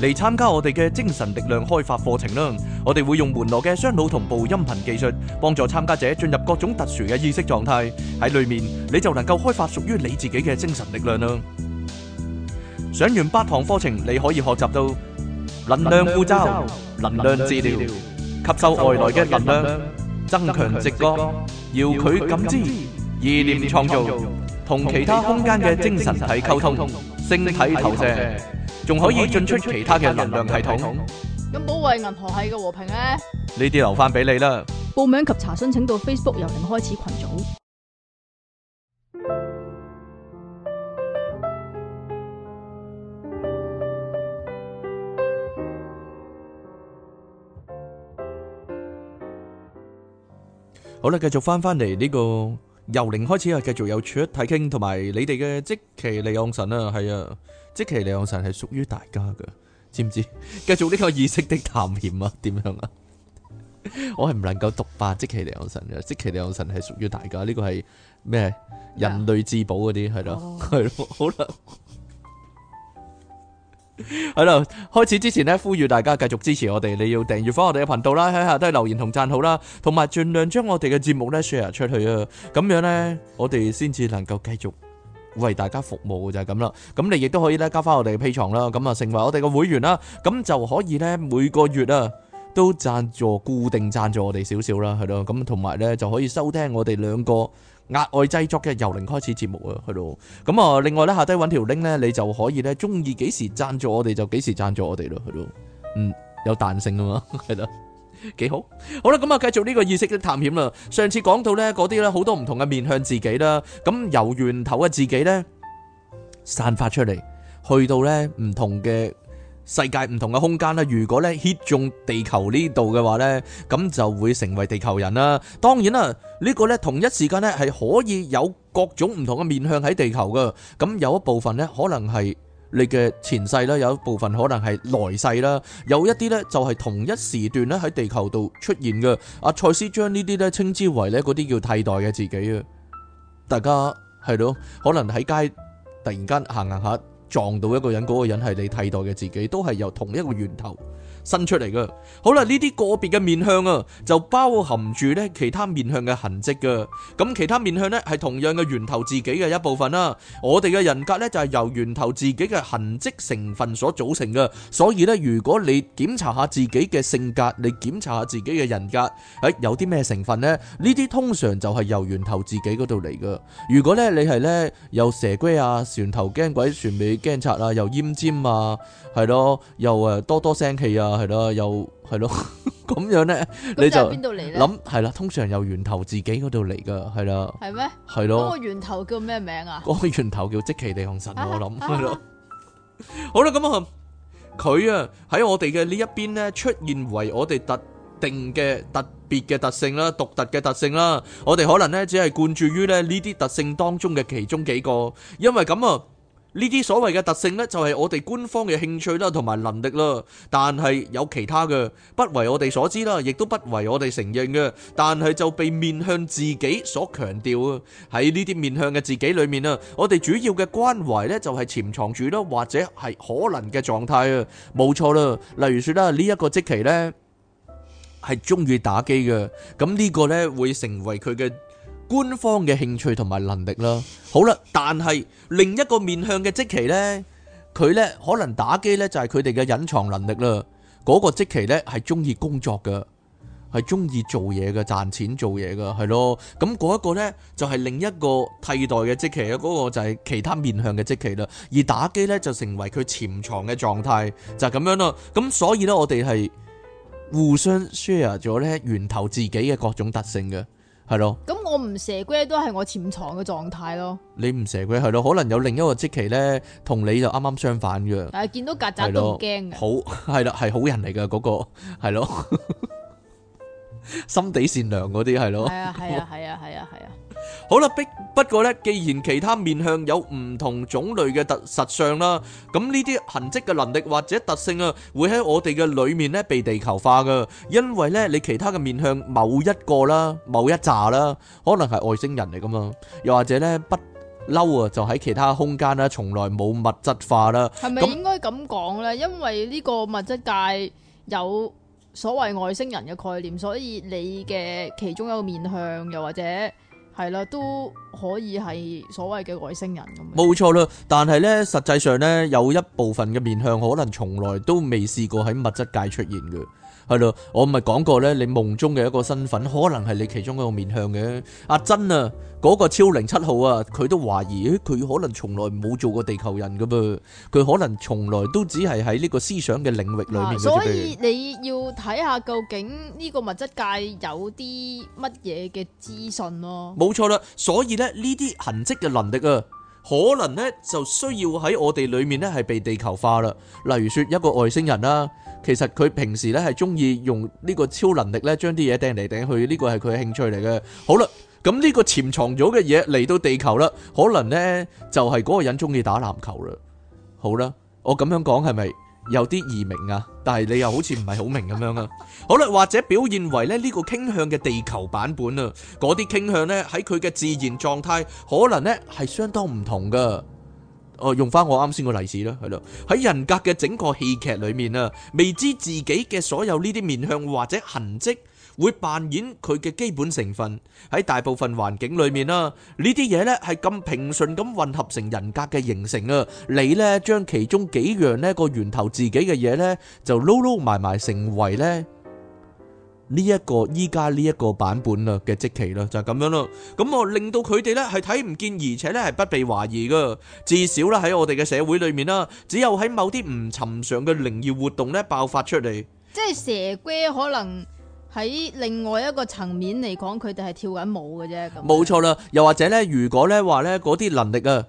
嚟參加我哋嘅精神力量開發課程啦！我哋會用門羅嘅雙腦同步音頻技術，幫助參加者進入各種特殊嘅意識狀態。喺裏面你就能夠開發屬於你自己嘅精神力量啦！上完八堂課程，你可以學習到能量呼吸、能量治療、吸收外來嘅能量、增強直覺、遙距感知、意念創造、同其他空間嘅精神體溝通、星體投射。仲可以進出其他嘅能量系統。咁保衛銀河系嘅和平咧？呢啲留翻俾你啦。報名及查詢請到 Facebook 由零開始群組。好啦，繼續翻翻嚟呢個。由零開始係繼續有處一睇傾，同埋你哋嘅即期利昂神啊，係啊，即期利養神係屬於大家嘅，知唔知？繼續呢個意識的探險啊，點樣啊？我係唔能夠獨霸即期利養神嘅，即期利昂神係屬於大家，呢個係咩人類至寶嗰啲係咯，係、yeah. 咯、啊，好、哦、啦。係 [laughs] 咯，開始之前咧，呼籲大家繼續支持我哋，你要訂閱翻我哋嘅頻道啦，喺下低留言同讚好啦，同埋盡量將我哋嘅節目呢 share 出去啊，咁樣呢，我哋先至能夠繼續為大家服務就係、是、咁啦。咁你亦都可以咧加翻我哋嘅 P 床啦，咁啊成為我哋嘅會員啦，咁就可以呢，每個月啊都贊助固定贊助我哋少少啦，係咯，咁同埋呢，就可以收聽我哋兩個。額外製作嘅由零開始節目啊，係咯。咁啊，另外咧下低揾條 link 咧，你就可以咧中意幾時贊助我哋就幾時贊助我哋咯，係咯，嗯，有彈性噶嘛，係咯，幾好。好啦，咁啊，繼續呢個意識嘅探險啦。上次講到咧嗰啲咧好多唔同嘅面向自己啦，咁由源頭嘅自己咧散發出嚟，去到咧唔同嘅。世界唔同嘅空間啦，如果咧 hit 中地球呢度嘅話咧，咁就會成為地球人啦。當然啦，呢個咧同一時間咧係可以有各種唔同嘅面向喺地球嘅。咁有一部分咧可能係你嘅前世啦，有一部分可能係來世啦，有一啲咧就係同一時段咧喺地球度出現嘅。阿賽斯將呢啲咧稱之為咧嗰啲叫替代嘅自己啊。大家係咯，可能喺街突然間行行下。撞到一個人，嗰個人係你替代嘅自己，都係由同一個源頭。伸出嚟嘅好啦，呢啲個別嘅面向啊，就包含住咧其他面向嘅痕跡噶。咁其他面向咧，係同樣嘅源頭自己嘅一部分啦、啊。我哋嘅人格咧，就係、是、由源頭自己嘅痕跡成分所組成嘅，所以咧，如果你檢查下自己嘅性格，你檢查下自己嘅人格，誒、哎、有啲咩成分咧？呢啲通常就係由源頭自己嗰度嚟嘅，如果咧你係咧，由蛇龜啊、船頭驚鬼、船尾驚賊啊、又奄尖啊，係咯，又誒多多聲氣啊。係咯，又係咯，咁樣咧，你就諗係啦。通常由源頭自己嗰度嚟噶，係啦。係咩？係咯。個源頭叫咩名啊？個源頭叫即其地行神，我諗係咯。好啦，咁啊，佢啊喺我哋嘅呢一邊咧，出現為我哋特定嘅特別嘅特性啦，獨特嘅特性啦。我哋可能咧只係貫注於咧呢啲特性當中嘅其中幾個，因為咁啊。呢啲所謂嘅特性呢，就係我哋官方嘅興趣啦，同埋能力啦。但係有其他嘅，不為我哋所知啦，亦都不為我哋承認嘅。但係就被面向自己所強調啊！喺呢啲面向嘅自己裏面啊，我哋主要嘅關懷呢，就係潛藏住啦，或者係可能嘅狀態啊，冇錯啦。例如說啦，呢一個職期呢，係中意打機嘅，咁呢個呢，會成為佢嘅。官方嘅興趣同埋能力啦，好啦，但係另一個面向嘅自己呢，佢呢可能打機呢就係佢哋嘅隱藏能力啦。嗰、那個自己呢係中意工作嘅，係中意做嘢嘅，賺錢做嘢嘅係咯。咁嗰一個呢，就係、是、另一個替代嘅自己咧，嗰、那個就係其他面向嘅自己啦。而打機呢就成為佢潛藏嘅狀態，就咁、是、樣咯。咁所以呢，我哋係互相 share 咗呢源頭自己嘅各種特性嘅。係咯，咁我唔蛇龜都係我潛藏嘅狀態咯。你唔蛇龜係咯，可能有另一個積奇咧，同你就啱啱相反嘅。但係見到曱甴都驚嘅，好係啦，係好人嚟嘅嗰個，係咯，心地善良嗰啲係咯。係啊，係啊，係啊，係啊，係啊。好啦，不不過咧，既然其他面向有唔同種類嘅特實相啦，咁呢啲痕跡嘅能力或者特性啊，會喺我哋嘅裏面咧被地球化噶，因為咧你其他嘅面向某一個啦，某一咋啦，可能係外星人嚟噶嘛，又或者咧不嬲啊，就喺其他空間啦，從來冇物質化啦。係咪應該咁講咧？因為呢個物質界有所謂外星人嘅概念，所以你嘅其中一個面向又或者。係啦，都可以係所謂嘅外星人咁樣。冇錯啦，但係咧，實際上咧，有一部分嘅面向可能從來都未試過喺物質界出現嘅。係咯，我咪講過咧，你夢中嘅一個身份，可能係你其中一個面向嘅。阿珍啊，嗰個超零七號啊，佢都懷疑，佢可能從來冇做過地球人噶噃，佢可能從來都只係喺呢個思想嘅領域裏面。所以你要睇下究竟呢個物質界有啲乜嘢嘅資訊咯。冇錯啦，所以咧，呢啲痕跡嘅能力啊。可能呢就需要喺我哋裏面呢係被地球化啦，例如說一個外星人啦，其實佢平時呢係中意用呢個超能力呢將啲嘢掟嚟掟去，呢個係佢嘅興趣嚟嘅。好啦，咁呢個潛藏咗嘅嘢嚟到地球啦，可能呢就係嗰個人中意打籃球啦。好啦，我咁樣講係咪？是有啲易明啊，但係你又好似唔係好明咁樣啊。好啦，或者表現為咧呢個傾向嘅地球版本啊，嗰啲傾向呢，喺佢嘅自然狀態，可能呢係相當唔同噶。哦、呃，用翻我啱先個例子啦，係咯，喺人格嘅整個戲劇裏面啊，未知自己嘅所有呢啲面向或者痕跡。會扮演佢嘅基本成分，喺大部分環境裏面啦，呢啲嘢呢，係咁平順咁混合成人格嘅形成啊！你呢，將其中幾樣呢個源頭自己嘅嘢呢，就撈撈埋埋成為呢呢一個依家呢一個版本啊嘅積奇啦，就係咁樣咯。咁我令到佢哋呢係睇唔見，而且呢係不被懷疑噶。至少呢喺我哋嘅社會裏面啦，只有喺某啲唔尋常嘅靈異活動呢爆發出嚟，即係蛇龜可能。喺另外一個層面嚟講，佢哋係跳緊舞嘅啫，咁。冇錯啦，又或者咧，如果咧話咧，嗰啲能力啊。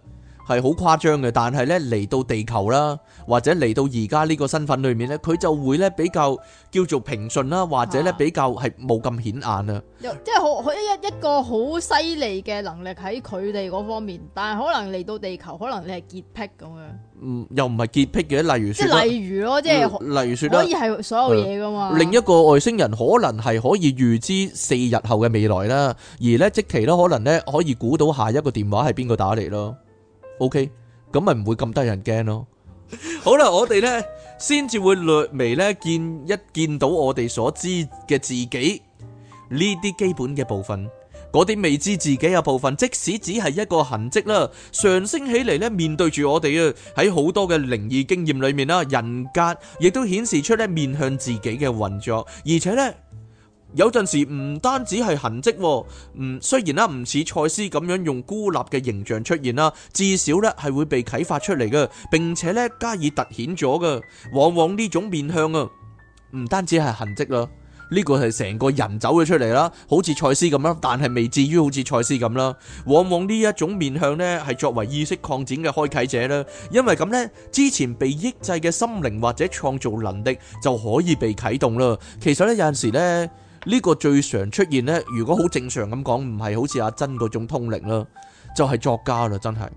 係好誇張嘅，但係咧，嚟到地球啦，或者嚟到而家呢個身份裏面咧，佢就會咧比較叫做平順啦，或者咧比較係冇咁顯眼啦。又即係好一一個好犀利嘅能力喺佢哋嗰方面，但係可能嚟到地球，可能你係潔癖噉樣。嗯，又唔係潔癖嘅，例如說即係例如咯，即係例如說可以係所有嘢噶嘛。另一個外星人可能係可以預知四日後嘅未來啦，而咧即期咧可能咧可以估到下一個電話係邊個打嚟咯。O K，咁咪唔會咁得人驚咯。好啦，我哋咧先至會略微咧見一見到我哋所知嘅自己呢啲基本嘅部分，嗰啲未知自己嘅部分，即使只係一個痕跡啦，上升起嚟咧，面對住我哋啊，喺好多嘅靈異經驗裏面啦，人格亦都顯示出咧面向自己嘅運作，而且咧。有陣時唔單止係痕迹，唔雖然啦，唔似賽斯咁樣用孤立嘅形象出現啦，至少咧係會被啟發出嚟嘅，並且咧加以突顯咗嘅。往往呢種面向啊，唔單止係痕迹啦，呢個係成個人走咗出嚟啦，好似賽斯咁啦，但係未至於好似賽斯咁啦。往往呢一種面向呢係作為意識擴展嘅開啟者啦，因為咁呢，之前被抑制嘅心靈或者創造能力就可以被啟動啦。其實呢，有陣時呢、這個最常出現呢，如果好正常咁講，唔係好似阿珍嗰種通靈啦，就係、是、作家啦，真係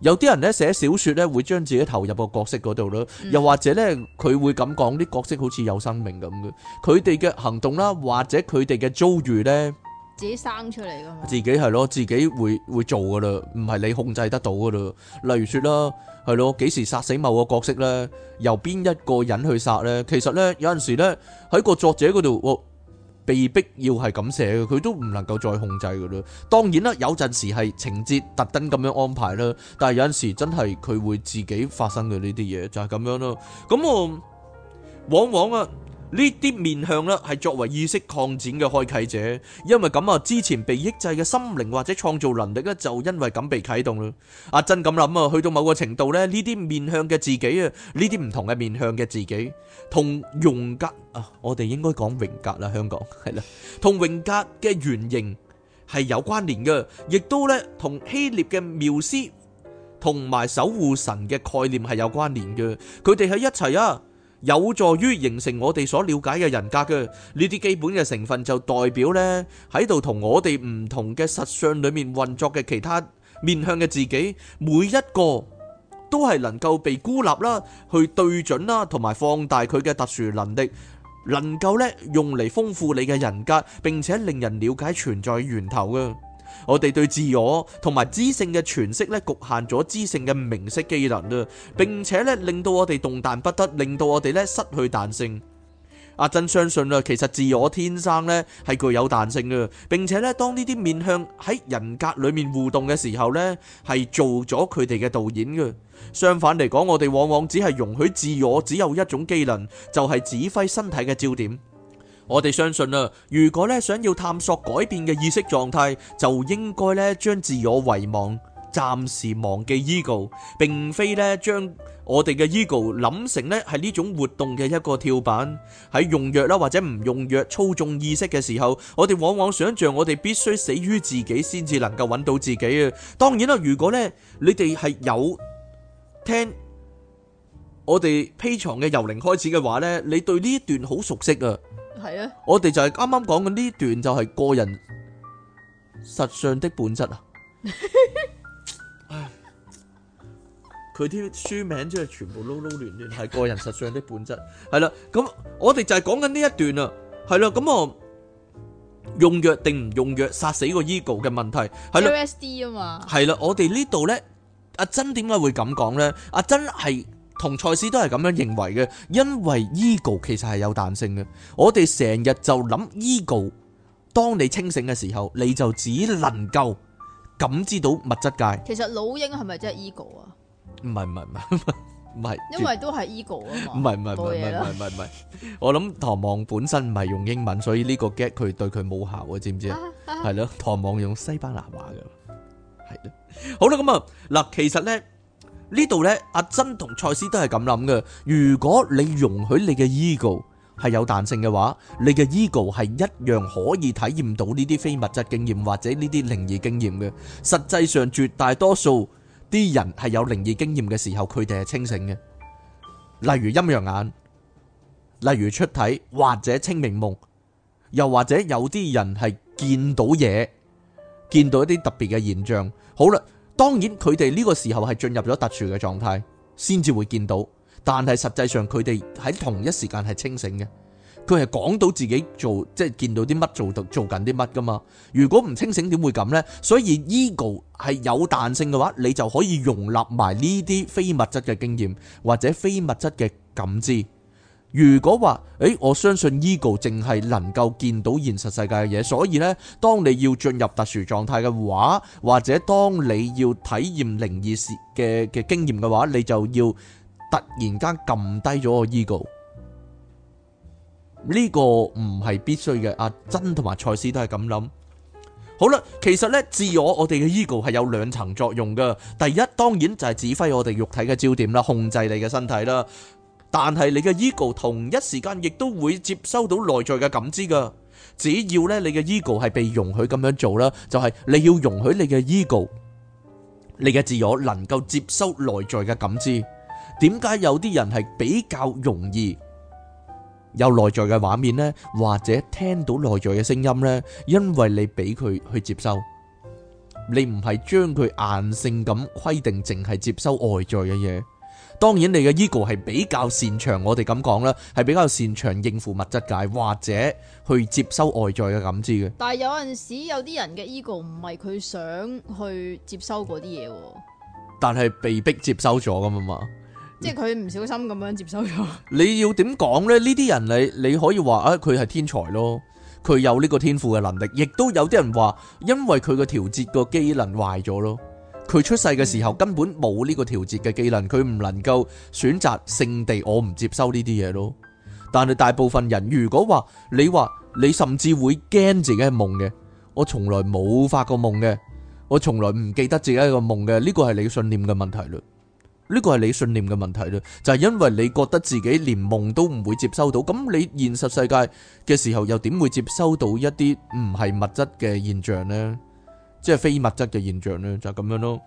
有啲人呢，寫小說呢，會將自己投入個角色嗰度啦，又或者呢，佢會咁講啲角色好似有生命咁嘅，佢哋嘅行動啦，或者佢哋嘅遭遇呢。自己生出嚟噶嘛？自己係咯，自己會會做噶啦，唔係你控制得到噶啦。例如說啦，係咯，幾時殺死某個角色咧？由邊一個人去殺咧？其實咧，有陣時咧喺個作者嗰度，我被逼要係咁寫嘅，佢都唔能夠再控制噶啦。當然啦，有陣時係情節特登咁樣安排啦，但係有陣時真係佢會自己發生嘅呢啲嘢，就係咁樣咯。咁我往往啊。呢啲面向呢係作為意識擴展嘅開啟者，因為咁啊，之前被抑制嘅心靈或者創造能力呢就因為咁被啟動啦。阿珍咁諗啊，去到某個程度呢，呢啲面向嘅自己啊，呢啲唔同嘅面向嘅自己，同榮格啊，我哋應該講榮格啦，香港係啦，同榮格嘅原型係有關聯嘅，亦都呢同希臘嘅繆斯同埋守護神嘅概念係有關聯嘅，佢哋喺一齊啊。有助於形成我哋所了解嘅人格，呢啲基本嘅成分就代表呢喺度同我哋唔同嘅實相裏面運作嘅其他面向嘅自己，每一個都係能夠被孤立啦、去對準啦同埋放大佢嘅特殊能力，能夠呢用嚟豐富你嘅人格，並且令人了解存在源頭嘅。我哋對自我同埋知性嘅詮釋咧，局限咗知性嘅明晰技能啦，並且咧令到我哋動彈不得，令到我哋咧失去彈性。阿、啊、珍相信啦，其實自我天生咧係具有彈性嘅，並且咧當呢啲面向喺人格裏面互動嘅時候咧，係做咗佢哋嘅導演嘅。相反嚟講，我哋往往只係容許自我只有一種機能，就係、是、指揮身體嘅焦點。我哋相信啊，如果咧想要探索改變嘅意識狀態，就應該咧將自我遺忘，暫時忘記 ego，並非咧將我哋嘅 ego 諗成咧係呢種活動嘅一個跳板。喺用藥啦或者唔用藥操縱意識嘅時候，我哋往往想象我哋必須死於自己先至能夠揾到自己啊。當然啦，如果咧你哋係有聽我哋 Patreon 嘅由零開始嘅話咧，你對呢一段好熟悉啊。係啊！我哋就係啱啱講嘅呢段就係個人實相的本質啊！佢啲書名即係全部撈撈亂亂，係個人實相的本質。係啦，咁我哋就係講緊呢一段啊！係啦，咁我用藥定唔用藥殺死個 ego 嘅問題，係啦，USD 啊嘛，係啦，我哋呢度咧，阿珍點解會咁講咧？阿珍係。同賽斯都係咁樣認為嘅，因為 ego 其實係有彈性嘅。我哋成日就諗 ego，當你清醒嘅時候，你就只能夠感知到物質界。其實老鷹係咪即係 ego 啊？唔係唔係唔係唔係，因為都係 ego 啊。唔係唔係唔係唔係唔係唔係，我諗唐望本身唔係用英文，所以呢個 get 佢對佢冇效啊，知唔知啊？係咯，唐望用西班牙話嘅，係咯。好啦，咁啊嗱，其實咧。呢度呢，阿珍同賽斯都係咁諗嘅。如果你容許你嘅 ego 係有彈性嘅話，你嘅 ego 係一樣可以體驗到呢啲非物質經驗或者呢啲靈異經驗嘅。實際上，絕大多數啲人係有靈異經驗嘅時候，佢哋係清醒嘅。例如陰陽眼，例如出體或者清明夢，又或者有啲人係見到嘢，見到一啲特別嘅現象。好啦。當然佢哋呢個時候係進入咗特殊嘅狀態，先至會見到。但係實際上佢哋喺同一時間係清醒嘅。佢係講到自己做，即係見到啲乜做做緊啲乜噶嘛。如果唔清醒點會咁呢？所以 ego 係有彈性嘅話，你就可以容納埋呢啲非物質嘅經驗或者非物質嘅感知。如果話誒，我相信 ego 淨係能夠見到現實世界嘅嘢，所以呢，當你要進入特殊狀態嘅話，或者當你要體驗靈異事嘅嘅經驗嘅話，你就要突然間撳低咗個 ego。呢個唔係必須嘅，阿珍同埋賽斯都係咁諗。好啦，其實呢，自我我哋嘅 ego 係有兩層作用噶。第一，當然就係指揮我哋肉體嘅焦點啦，控制你嘅身體啦。但係你嘅 ego 同一時間亦都會接收到內在嘅感知噶，只要咧你嘅 ego 係被容許咁樣做啦，就係你要容許你嘅 ego，你嘅自我能夠接收內在嘅感知。點解有啲人係比較容易有內在嘅畫面呢，或者聽到內在嘅聲音呢？因為你俾佢去接收，你唔係將佢硬性咁規定淨係接收外在嘅嘢。當然，你嘅 ego 係比較擅長我，我哋咁講啦，係比較擅長應付物質界或者去接收外在嘅感知嘅。但係有陣時有啲人嘅 ego 唔係佢想去接收嗰啲嘢，但係被逼接收咗咁啊嘛，即係佢唔小心咁樣接收咗。你要點講呢？呢啲人，你你可以話啊，佢係天才咯，佢有呢個天賦嘅能力，亦都有啲人話因為佢個調節個機能壞咗咯。佢出世嘅時候根本冇呢個調節嘅技能，佢唔能夠選擇聖地，我唔接收呢啲嘢咯。但係大部分人，如果話你話你甚至會驚自己係夢嘅，我從來冇發過夢嘅，我從來唔記得自己一個夢嘅，呢個係你信念嘅問題嘞。呢個係你信念嘅問題嘞，就係因為你覺得自己連夢都唔會接收到，咁你現實世界嘅時候又點會接收到一啲唔係物質嘅現象呢？即係非物質嘅現象呢就咁樣咯。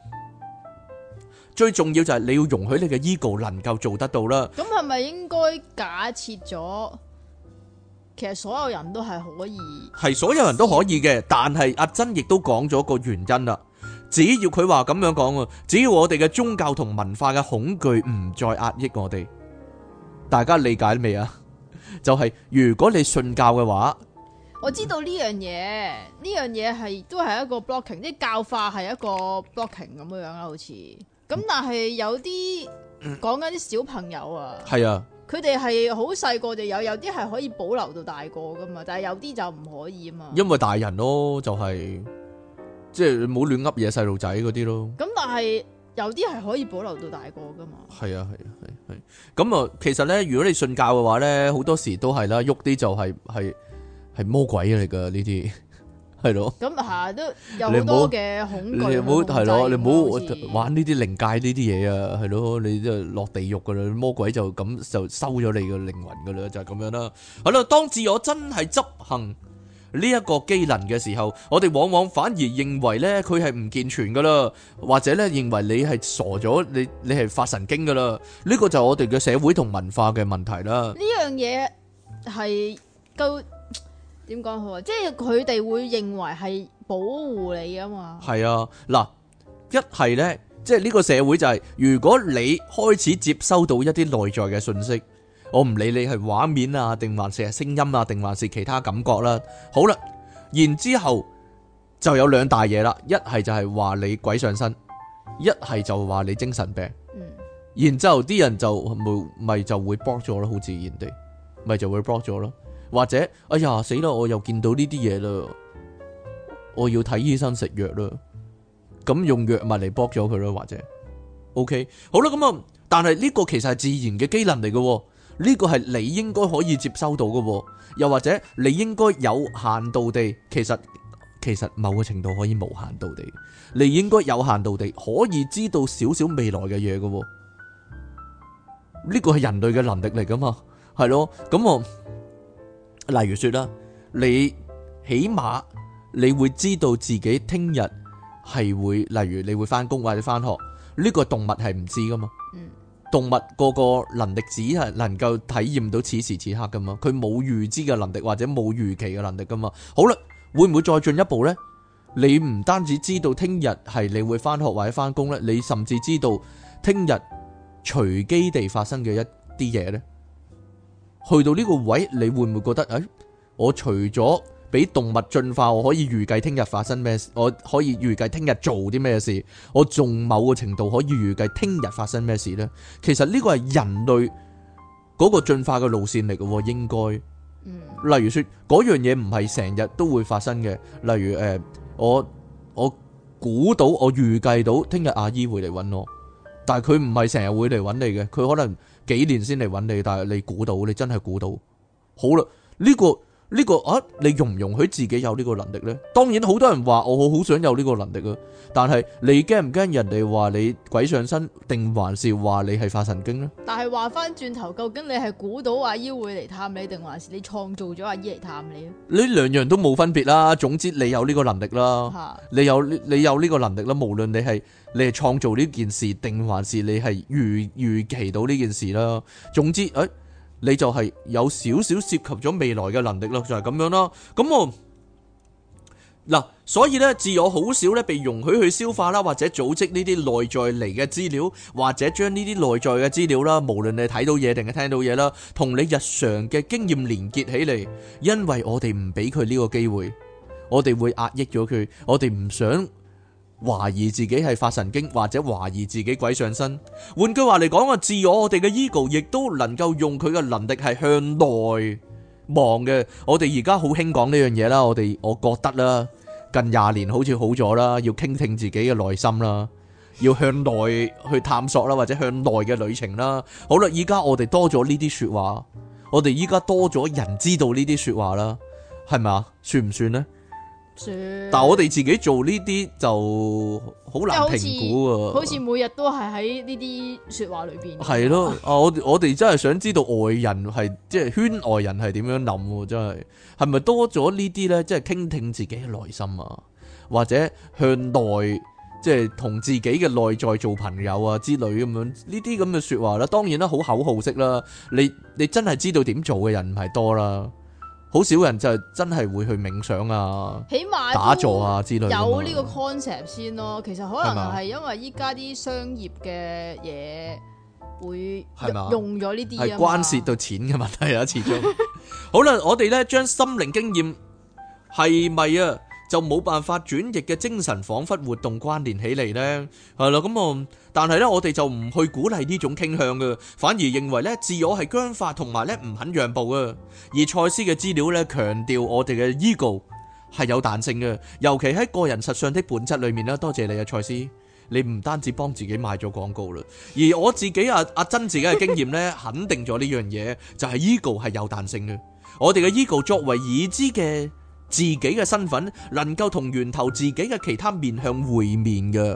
最重要就係你要容許你嘅 ego 能夠做得到啦。咁係咪應該假設咗，其實所有人都係可以？係所有人都可以嘅，但係阿珍亦都講咗個原因啦。只要佢話咁樣講，只要我哋嘅宗教同文化嘅恐懼唔再壓抑我哋，大家理解未啊？就係如果你信教嘅話。我知道呢樣嘢，呢樣嘢係都係一個 blocking，即教化係一個 blocking 咁樣樣啊，好似咁。但係有啲講緊啲小朋友啊，係啊，佢哋係好細個就有，有啲係可以保留到大個噶嘛，但係有啲就唔可以啊嘛。因為大人咯，就係即係唔好亂噏嘢細路仔嗰啲咯。咁但係有啲係可以保留到大個噶嘛。係啊係啊係係，咁啊，啊，啊其實咧，如果你信教嘅話咧，好多時都係啦，喐啲就係、係、係。係魔鬼嚟噶呢啲，係咯。咁啊，吓都有好多嘅恐懼，你唔好係咯，你唔好玩呢啲靈界呢啲嘢啊，係咯，你都落地獄噶啦，魔鬼就咁就收咗你個靈魂噶啦，就係咁樣啦。係咯，當自我真係執行呢一個機能嘅時候，我哋往往反而認為咧佢係唔健全噶啦，或者咧認為你係傻咗，你你係發神經噶啦。呢個就係我哋嘅社會同文化嘅問題啦。呢樣嘢係夠點講好啊？即係佢哋會認為係保護你啊嘛？係啊，嗱，一係呢，即係呢個社會就係、是，如果你開始接收到一啲內在嘅信息，我唔理你係畫面啊，定還是係聲音啊，定還是其他感覺啦。好啦，然之後就有兩大嘢啦，一係就係話你鬼上身，一係就話你精神病。嗯。然之後啲人就咪就會 block 咗咯，好自然地咪就會 block 咗咯。或者哎呀死啦！我又見到呢啲嘢啦，我要睇醫生食藥啦。咁用藥物嚟剝咗佢啦，或者 OK 好啦。咁啊，但係呢個其實係自然嘅機能嚟嘅，呢個係你應該可以接收到嘅。又或者你應該有限度地，其實其實某個程度可以無限度地，你應該有限度地可以知道少少未來嘅嘢嘅。呢個係人類嘅能力嚟噶嘛？係咯，咁、嗯、我。例如說啦，你起碼你會知道自己聽日係會，例如你會翻工或者翻學，呢個動物係唔知噶嘛。動物個個能力只係能夠體驗到此時此刻噶嘛，佢冇預知嘅能力或者冇預期嘅能力噶嘛。好啦，會唔會再進一步呢？你唔單止知道聽日係你會翻學或者翻工呢，你甚至知道聽日隨機地發生嘅一啲嘢呢。去到呢個位，你會唔會覺得誒、哎？我除咗俾動物進化，我可以預計聽日發生咩事？我可以預計聽日做啲咩事？我仲某個程度可以預計聽日發生咩事呢？其實呢個係人類嗰個進化嘅路線嚟嘅，應該。例如說，嗰樣嘢唔係成日都會發生嘅。例如誒、呃，我我估到，我預計到聽日阿姨會嚟搵我。但係佢唔係成日會嚟揾你嘅，佢可能幾年先嚟揾你，但係你估到，你真係估到，好啦，呢個。呢個啊，你容唔容許自己有呢個能力呢？當然，好多人話我好想有呢個能力啊，但係你驚唔驚人哋話你鬼上身，定還是話你係發神經呢？但係話翻轉頭，究竟你係估到阿姨會嚟探你，定還是你創造咗阿姨嚟探你？呢兩樣都冇分別啦，總之你有呢個能力啦，你有你有呢個能力啦，無論你係你係創造呢件事，定還是你係預預期到呢件事啦，總之誒。啊你就係有少少涉及咗未來嘅能力咯，就係咁樣啦。咁我嗱，所以呢，自我好少呢被容許去消化啦，或者組織呢啲內在嚟嘅資料，或者將呢啲內在嘅資料啦，無論你睇到嘢定係聽到嘢啦，同你日常嘅經驗連結起嚟，因為我哋唔俾佢呢個機會，我哋會壓抑咗佢，我哋唔想。懷疑自己係發神經，或者懷疑自己鬼上身。換句話嚟講啊，自我我哋嘅 ego 亦都能夠用佢嘅能力係向內望嘅。我哋而家好興講呢樣嘢啦，我哋我覺得啦，近廿年好似好咗啦，要傾聽自己嘅內心啦，要向內去探索啦，或者向內嘅旅程啦。好啦，依家我哋多咗呢啲說話，我哋依家多咗人知道呢啲說話啦，係咪啊？算唔算呢？但我哋自己做呢啲就，就好難評估啊，好似每日都係喺呢啲說話裏邊。係 [laughs] 咯、啊，我我哋真係想知道外人係即係圈外人係點樣諗，真係係咪多咗呢啲呢？即係傾聽自己嘅內心啊，或者向內即係同自己嘅內在做朋友啊之類咁樣，呢啲咁嘅說話啦。當然啦，好口號式啦，你你真係知道點做嘅人唔係多啦。好少人就真係會去冥想啊，起碼打坐啊之類的，有呢個 concept 先咯。其實可能係因為依家啲商業嘅嘢會係用咗呢啲嘢，係、啊、關涉到錢嘅問題啊，始終。 [laughs] [laughs] 好啦，我哋咧將心靈經驗係咪啊，就冇辦法轉譯嘅精神恍惚活動關聯起嚟咧？係、啊、啦，咁、嗯、我。但係咧，我哋就唔去鼓勵呢種傾向嘅，反而認為呢，自我係僵化同埋呢唔肯讓步嘅。而賽斯嘅資料呢，強調我哋嘅 ego 係有彈性嘅，尤其喺個人實相的本質裏面呢。多謝你啊，賽斯，你唔單止幫自己賣咗廣告啦，而我自己啊阿，阿珍自己嘅經驗呢，肯定咗呢樣嘢就係 ego 係有彈性嘅。我哋嘅 ego 作為已知嘅自己嘅身份，能夠同源頭自己嘅其他面向會面嘅。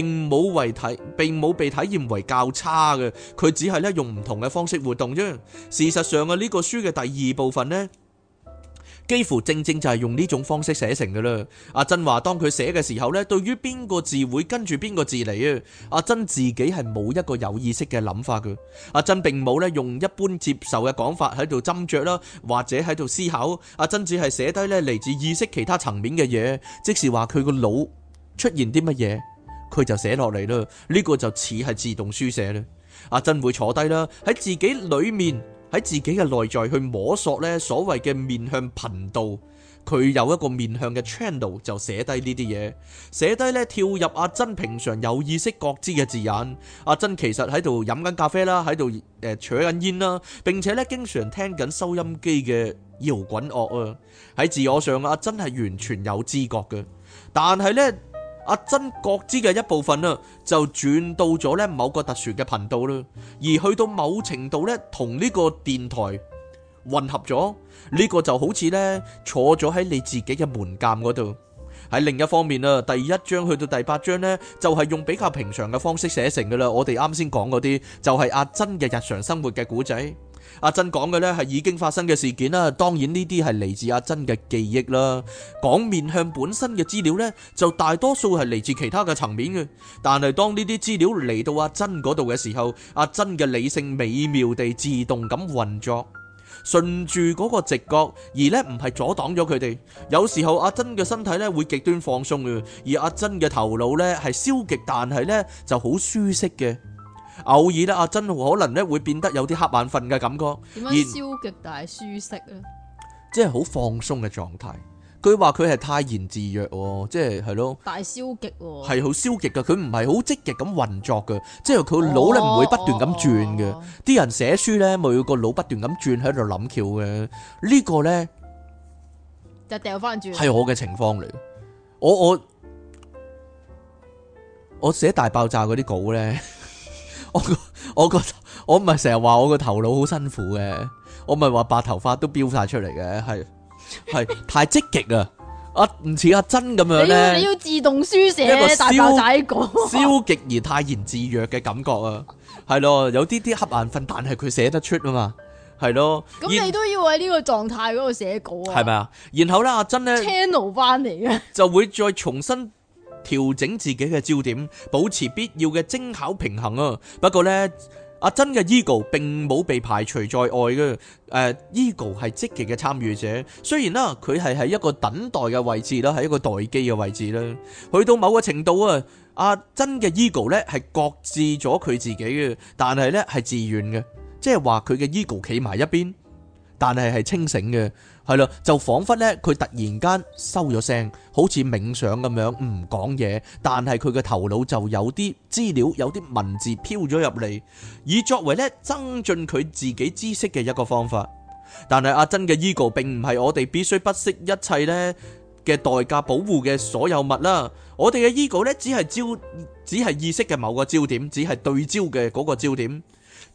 並冇為體，並冇被體驗為較差嘅，佢只係咧用唔同嘅方式活動啫。事實上啊，呢個書嘅第二部分咧，幾乎正正就係用呢種方式寫成嘅啦。阿珍話，當佢寫嘅時候咧，對於邊個字會跟住邊個字嚟啊？阿珍自己係冇一個有意識嘅諗法嘅。阿珍並冇咧用一般接受嘅講法喺度斟酌啦，或者喺度思考。阿珍只係寫低咧嚟自意識其他層面嘅嘢，即是話佢個腦出現啲乜嘢。佢就寫落嚟啦，呢、這個就似係自動書寫啦。阿珍會坐低啦，喺自己裏面，喺自己嘅內在去摸索呢所謂嘅面向頻道，佢有一個面向嘅 channel 就寫低呢啲嘢，寫低呢，跳入阿珍平常有意識覺知嘅字眼。阿珍其實喺度飲緊咖啡啦，喺度誒扯緊煙啦，並且呢經常聽緊收音機嘅搖滾樂啊。喺自我上，阿珍係完全有知覺嘅，但係呢。阿珍覺知嘅一部分就轉到咗某個特殊嘅頻道啦，而去到某程度咧，同呢個電台混合咗，呢、這個就好似坐咗喺你自己嘅門檻嗰度。喺另一方面，第一章去到第八章呢，就係用比較平常嘅方式寫成噶啦。我哋啱先講嗰啲，就係、是、阿珍嘅日常生活嘅古仔。阿珍講嘅呢係已經發生嘅事件啦，當然呢啲係嚟自阿珍嘅記憶啦。講面向本身嘅資料呢，就大多數係嚟自其他嘅層面嘅。但係當呢啲資料嚟到阿珍嗰度嘅時候，阿珍嘅理性美妙地自動咁運作，順住嗰個直覺，而呢唔係阻擋咗佢哋。有時候阿珍嘅身體呢會極端放鬆嘅，而阿珍嘅頭腦呢係消極，但係呢就好舒適嘅。偶爾咧，阿珍可能咧會變得有啲瞌眼瞓嘅感覺。點樣消極但係舒適咧？即係好放鬆嘅狀態。佢話佢係泰然自若，即係係咯。大消極係好消極嘅，佢唔係好積極咁運作嘅，即係佢腦咧唔會不斷咁轉嘅。啲人寫書咧，咪要個腦不斷咁轉喺度諗竅嘅。呢個咧就掉翻轉係我嘅情況嚟。我我我寫大爆炸嗰啲稿咧。我個我個我唔係成日話我個頭腦好辛苦嘅，我唔係話白頭髮都飆晒出嚟嘅，係係太積極 [laughs] 啊！阿唔似阿珍咁樣咧，你要自動書寫大爆仔稿，消極而泰然自若嘅感覺啊，係 [laughs] 咯，有啲啲瞌眼瞓，但係佢寫得出啊嘛，係咯，咁你都要喺呢個狀態嗰度寫稿啊，係咪啊？然後咧，阿珍咧 channel 翻嚟嘅，就會再重新。調整自己嘅焦點，保持必要嘅精巧平衡啊！不過呢，阿珍嘅 ego 並冇被排除在外嘅。誒 ego 係積極嘅參與者，雖然啦，佢係喺一個等待嘅位置啦，喺一個待機嘅位置啦。去到某個程度啊，阿珍嘅 ego 呢咧係擱置咗佢自己嘅，但係呢係自願嘅，即係話佢嘅 ego 企埋一邊，但係係清醒嘅。係啦，就仿佛咧，佢突然間收咗聲，好似冥想咁樣唔講嘢，但係佢嘅頭腦就有啲資料、有啲文字飄咗入嚟，以作為咧增進佢自己知識嘅一個方法。但係阿珍嘅 ego 並唔係我哋必須不惜一切呢嘅代價保護嘅所有物啦。我哋嘅 ego 呢，只係焦，只係意識嘅某個焦點，只係對焦嘅嗰個焦點。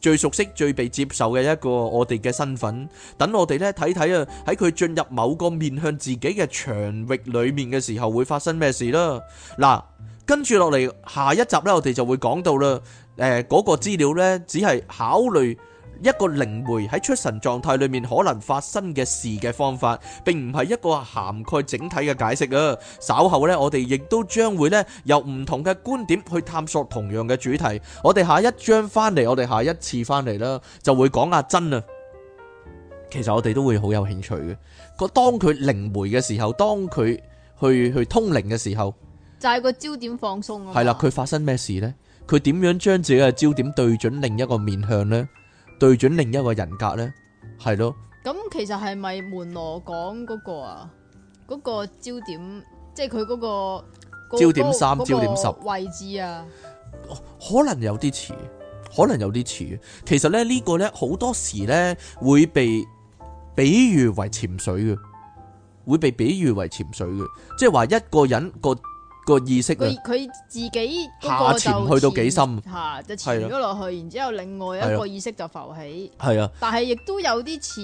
最熟悉、最被接受嘅一個我哋嘅身份，等我哋咧睇睇啊，喺佢進入某個面向自己嘅場域裏面嘅時候，會發生咩事啦？嗱，跟住落嚟下一集咧，我哋就會講到啦。誒、呃，嗰、那個資料咧，只係考慮。一個靈媒喺出神狀態裏面可能發生嘅事嘅方法，並唔係一個涵蓋整體嘅解釋啊。稍後呢，我哋亦都將會呢由唔同嘅觀點去探索同樣嘅主題。我哋下一章翻嚟，我哋下一次翻嚟啦，就會講阿珍啊。其實我哋都會好有興趣嘅。個當佢靈媒嘅時候，當佢去去通靈嘅時候，就係個焦點放鬆。係啦，佢發生咩事呢？佢點樣將自己嘅焦點對準另一個面向呢？對準另一個人格咧，係咯。咁其實係咪門羅講嗰個啊？嗰、嗰個焦點，即係佢嗰個焦點三、焦點十位置啊？可能有啲遲，可能有啲遲。其實咧，呢個、呢個咧好多時咧會被比喻為潛水嘅，會被比喻為潛水嘅，即係話一個人個。個意識佢佢自己個、啊、下潛去到幾深吓就潛咗落去，啊、然之後另外一個意識就浮起係啊，啊，但係亦都有啲似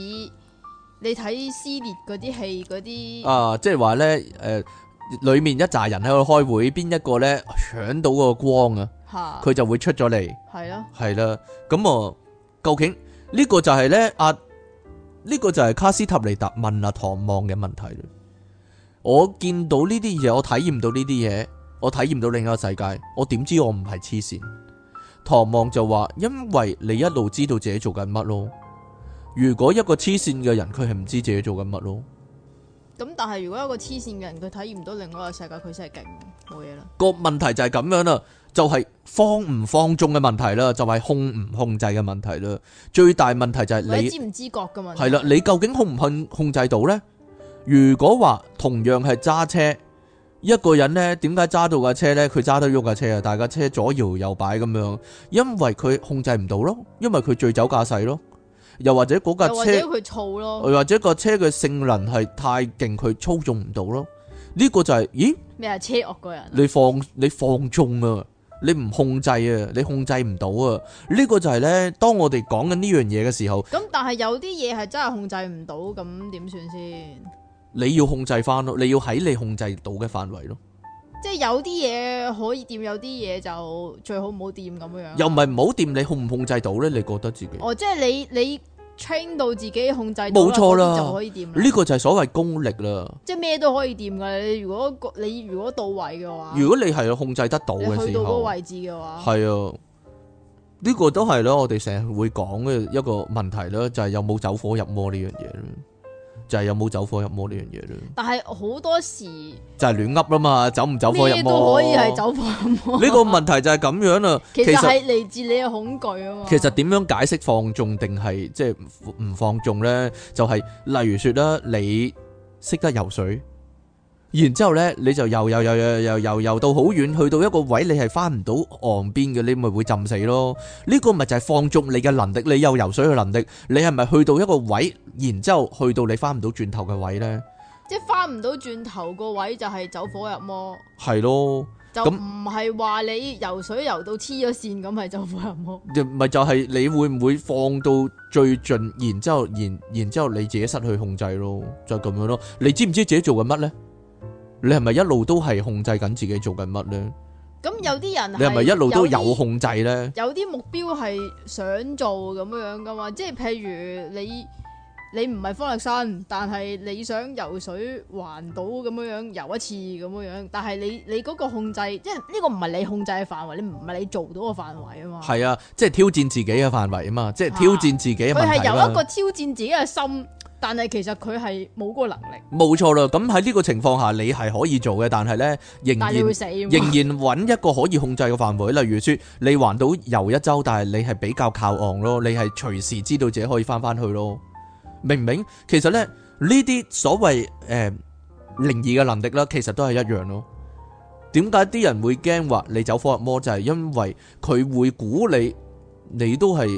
你睇撕裂嗰啲戲嗰啲啊，即係話咧誒，裏面一紮人喺度開會，邊一個咧搶到個光啊，佢、啊、就會出咗嚟係咯，係啦、啊，咁啊，啊，啊，究竟呢、呢個就係咧啊，呢、呢個就係卡斯塔尼達問阿、啊、唐望嘅問題。我見到呢啲嘢，我體驗到呢啲嘢，我體驗到另一個世界。我點知我唔係黐線？唐望就話：因為你一路知道自己做緊乜咯。如果一個黐線嘅人，佢係唔知自己做緊乜咯。咁但係如果一個黐線嘅人，佢體驗唔到另外一個世界，佢真係勁冇嘢啦。個問題就係咁樣啦，就係、是、放唔放縱嘅問題啦，就係、是、控唔控制嘅問題啦。最大問題就係你知唔知覺噶嘛？係啦，你究竟控唔控控制到呢？如果話同樣係揸車，一個人呢，點解揸到架車呢？佢揸得喐架車啊！但架車左搖右擺咁樣，因為佢控制唔到咯，因為佢醉酒駕駛咯。又或者嗰架車，佢燥咯，又或者，或者個車嘅性能係太勁，佢操縱唔到咯。呢個就係咦咩啊？車惡過人啊，你放你放縱啊，你唔控制啊，你控制唔到啊。呢個就係呢。當我哋講緊呢樣嘢嘅時候，咁但係有啲嘢係真係控制唔到，咁點算先？你要控制翻咯，你要喺你控制到嘅範圍咯。即係有啲嘢可以掂，有啲嘢就最好唔好掂咁樣。又唔係唔好掂，你控唔控制到咧？你覺得自己哦，即係你你 train 到自己控制到，冇錯啦，就可以掂。呢個就係所謂功力啦。即係咩都可以掂噶，你如果你如果到位嘅話，如果你係控制得到嘅時候，去到嗰個位置嘅話，係啊，呢個都係咯。我哋成日會講嘅一個問題啦，就係有冇走火入魔呢樣嘢。就係有冇走火入魔呢樣嘢咯？但係好多時就係亂噏啦嘛，走唔走火入魔都可以係走火入魔。呢個問題就係咁樣啦。其實係嚟自你嘅恐懼啊嘛。其實點樣解釋放縱定係即係唔唔放縱咧？就係例如説啦，你識得游水，然之後咧，你就游游游游游游游到好遠，去到一個位，你係翻唔到岸邊嘅，你咪會浸死咯。呢個咪就係放縱你嘅能力，你又游水嘅能力，你係咪去到一個位，然之後去到你翻唔到轉頭嘅位呢？即係翻唔到轉頭個位就係走火入魔。係咯，就唔係話你游水游到黐咗線咁係走火入魔。就咪就係你會唔會放到最盡，然之後然然之後你自己失去控制咯，就咁樣咯。你知唔知自己做緊乜呢？你係咪一路都係控制緊自己做緊乜咧？咁有啲人是你係咪一路都有控制咧？有啲目標係想做咁樣噶嘛？即係譬如你你唔係方力申，但係你想游水環島咁樣樣游一次咁樣樣，但係你你嗰個控制即係呢個唔係你控制嘅範圍，你唔係你做到嘅範圍啊嘛？係啊，即係挑戰自己嘅範圍啊嘛，即係挑戰自己的。佢係有一個挑戰自己嘅心。但係其實佢係冇嗰個能力，冇錯啦。咁喺呢個情況下，你係可以做嘅，但係咧仍然仍然揾一個可以控制嘅範圍。例如說，你環島游一周，但係你係比較靠岸咯，你係隨時知道自己可以翻翻去咯。明唔明其實咧，呢啲所謂誒靈異嘅能力啦，其實都係一樣咯。點解啲人會驚話你走火入魔？就係因為佢會估你，你都係。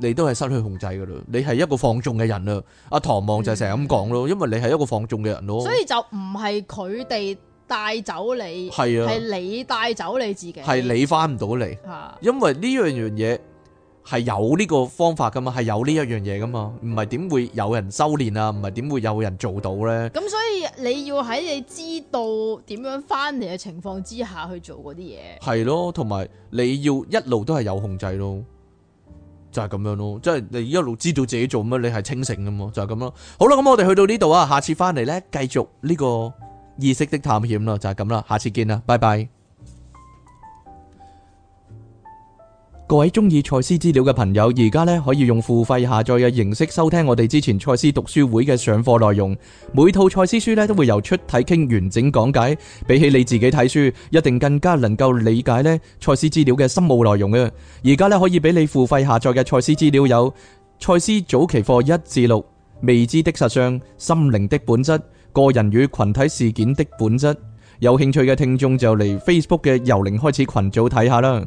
你都係失去控制噶啦，你係一個放縱嘅人啦。阿唐望就係成日咁講咯，因為你係一個放縱嘅人咯。所以就唔係佢哋帶走你，係啊，係你帶走你自己，係你翻唔到嚟。吓，因為呢樣樣嘢係有呢個方法噶嘛，係有呢一樣嘢噶嘛。唔係點會有人修煉啊？唔係點會有人做到咧？咁所以你要喺你知道點樣翻嚟嘅情況之下去做嗰啲嘢，係咯，同埋你要一路都係有控制咯。就係咁樣咯，即係你一路知道自己做乜，你係清醒㗎嘛，就係咁咯。好啦，咁我哋去到呢度啊，下次翻嚟咧，繼續呢個意識的探險啦，就係咁啦，下次見啦，拜拜。各位中意賽斯資料嘅朋友，而家咧可以用付費下載嘅形式收聽我哋之前賽斯讀書會嘅上課內容。每套賽斯書咧都會由出體傾完整講解，比起你自己睇書，一定更加能夠理解咧賽斯資料嘅深奧內容啊！而家咧可以俾你付費下載嘅賽斯資料有賽斯早期課一至六、未知的實相、心靈的本質、個人與群體事件的本質。有興趣嘅聽眾就嚟 Facebook 嘅由零開始群組睇下啦。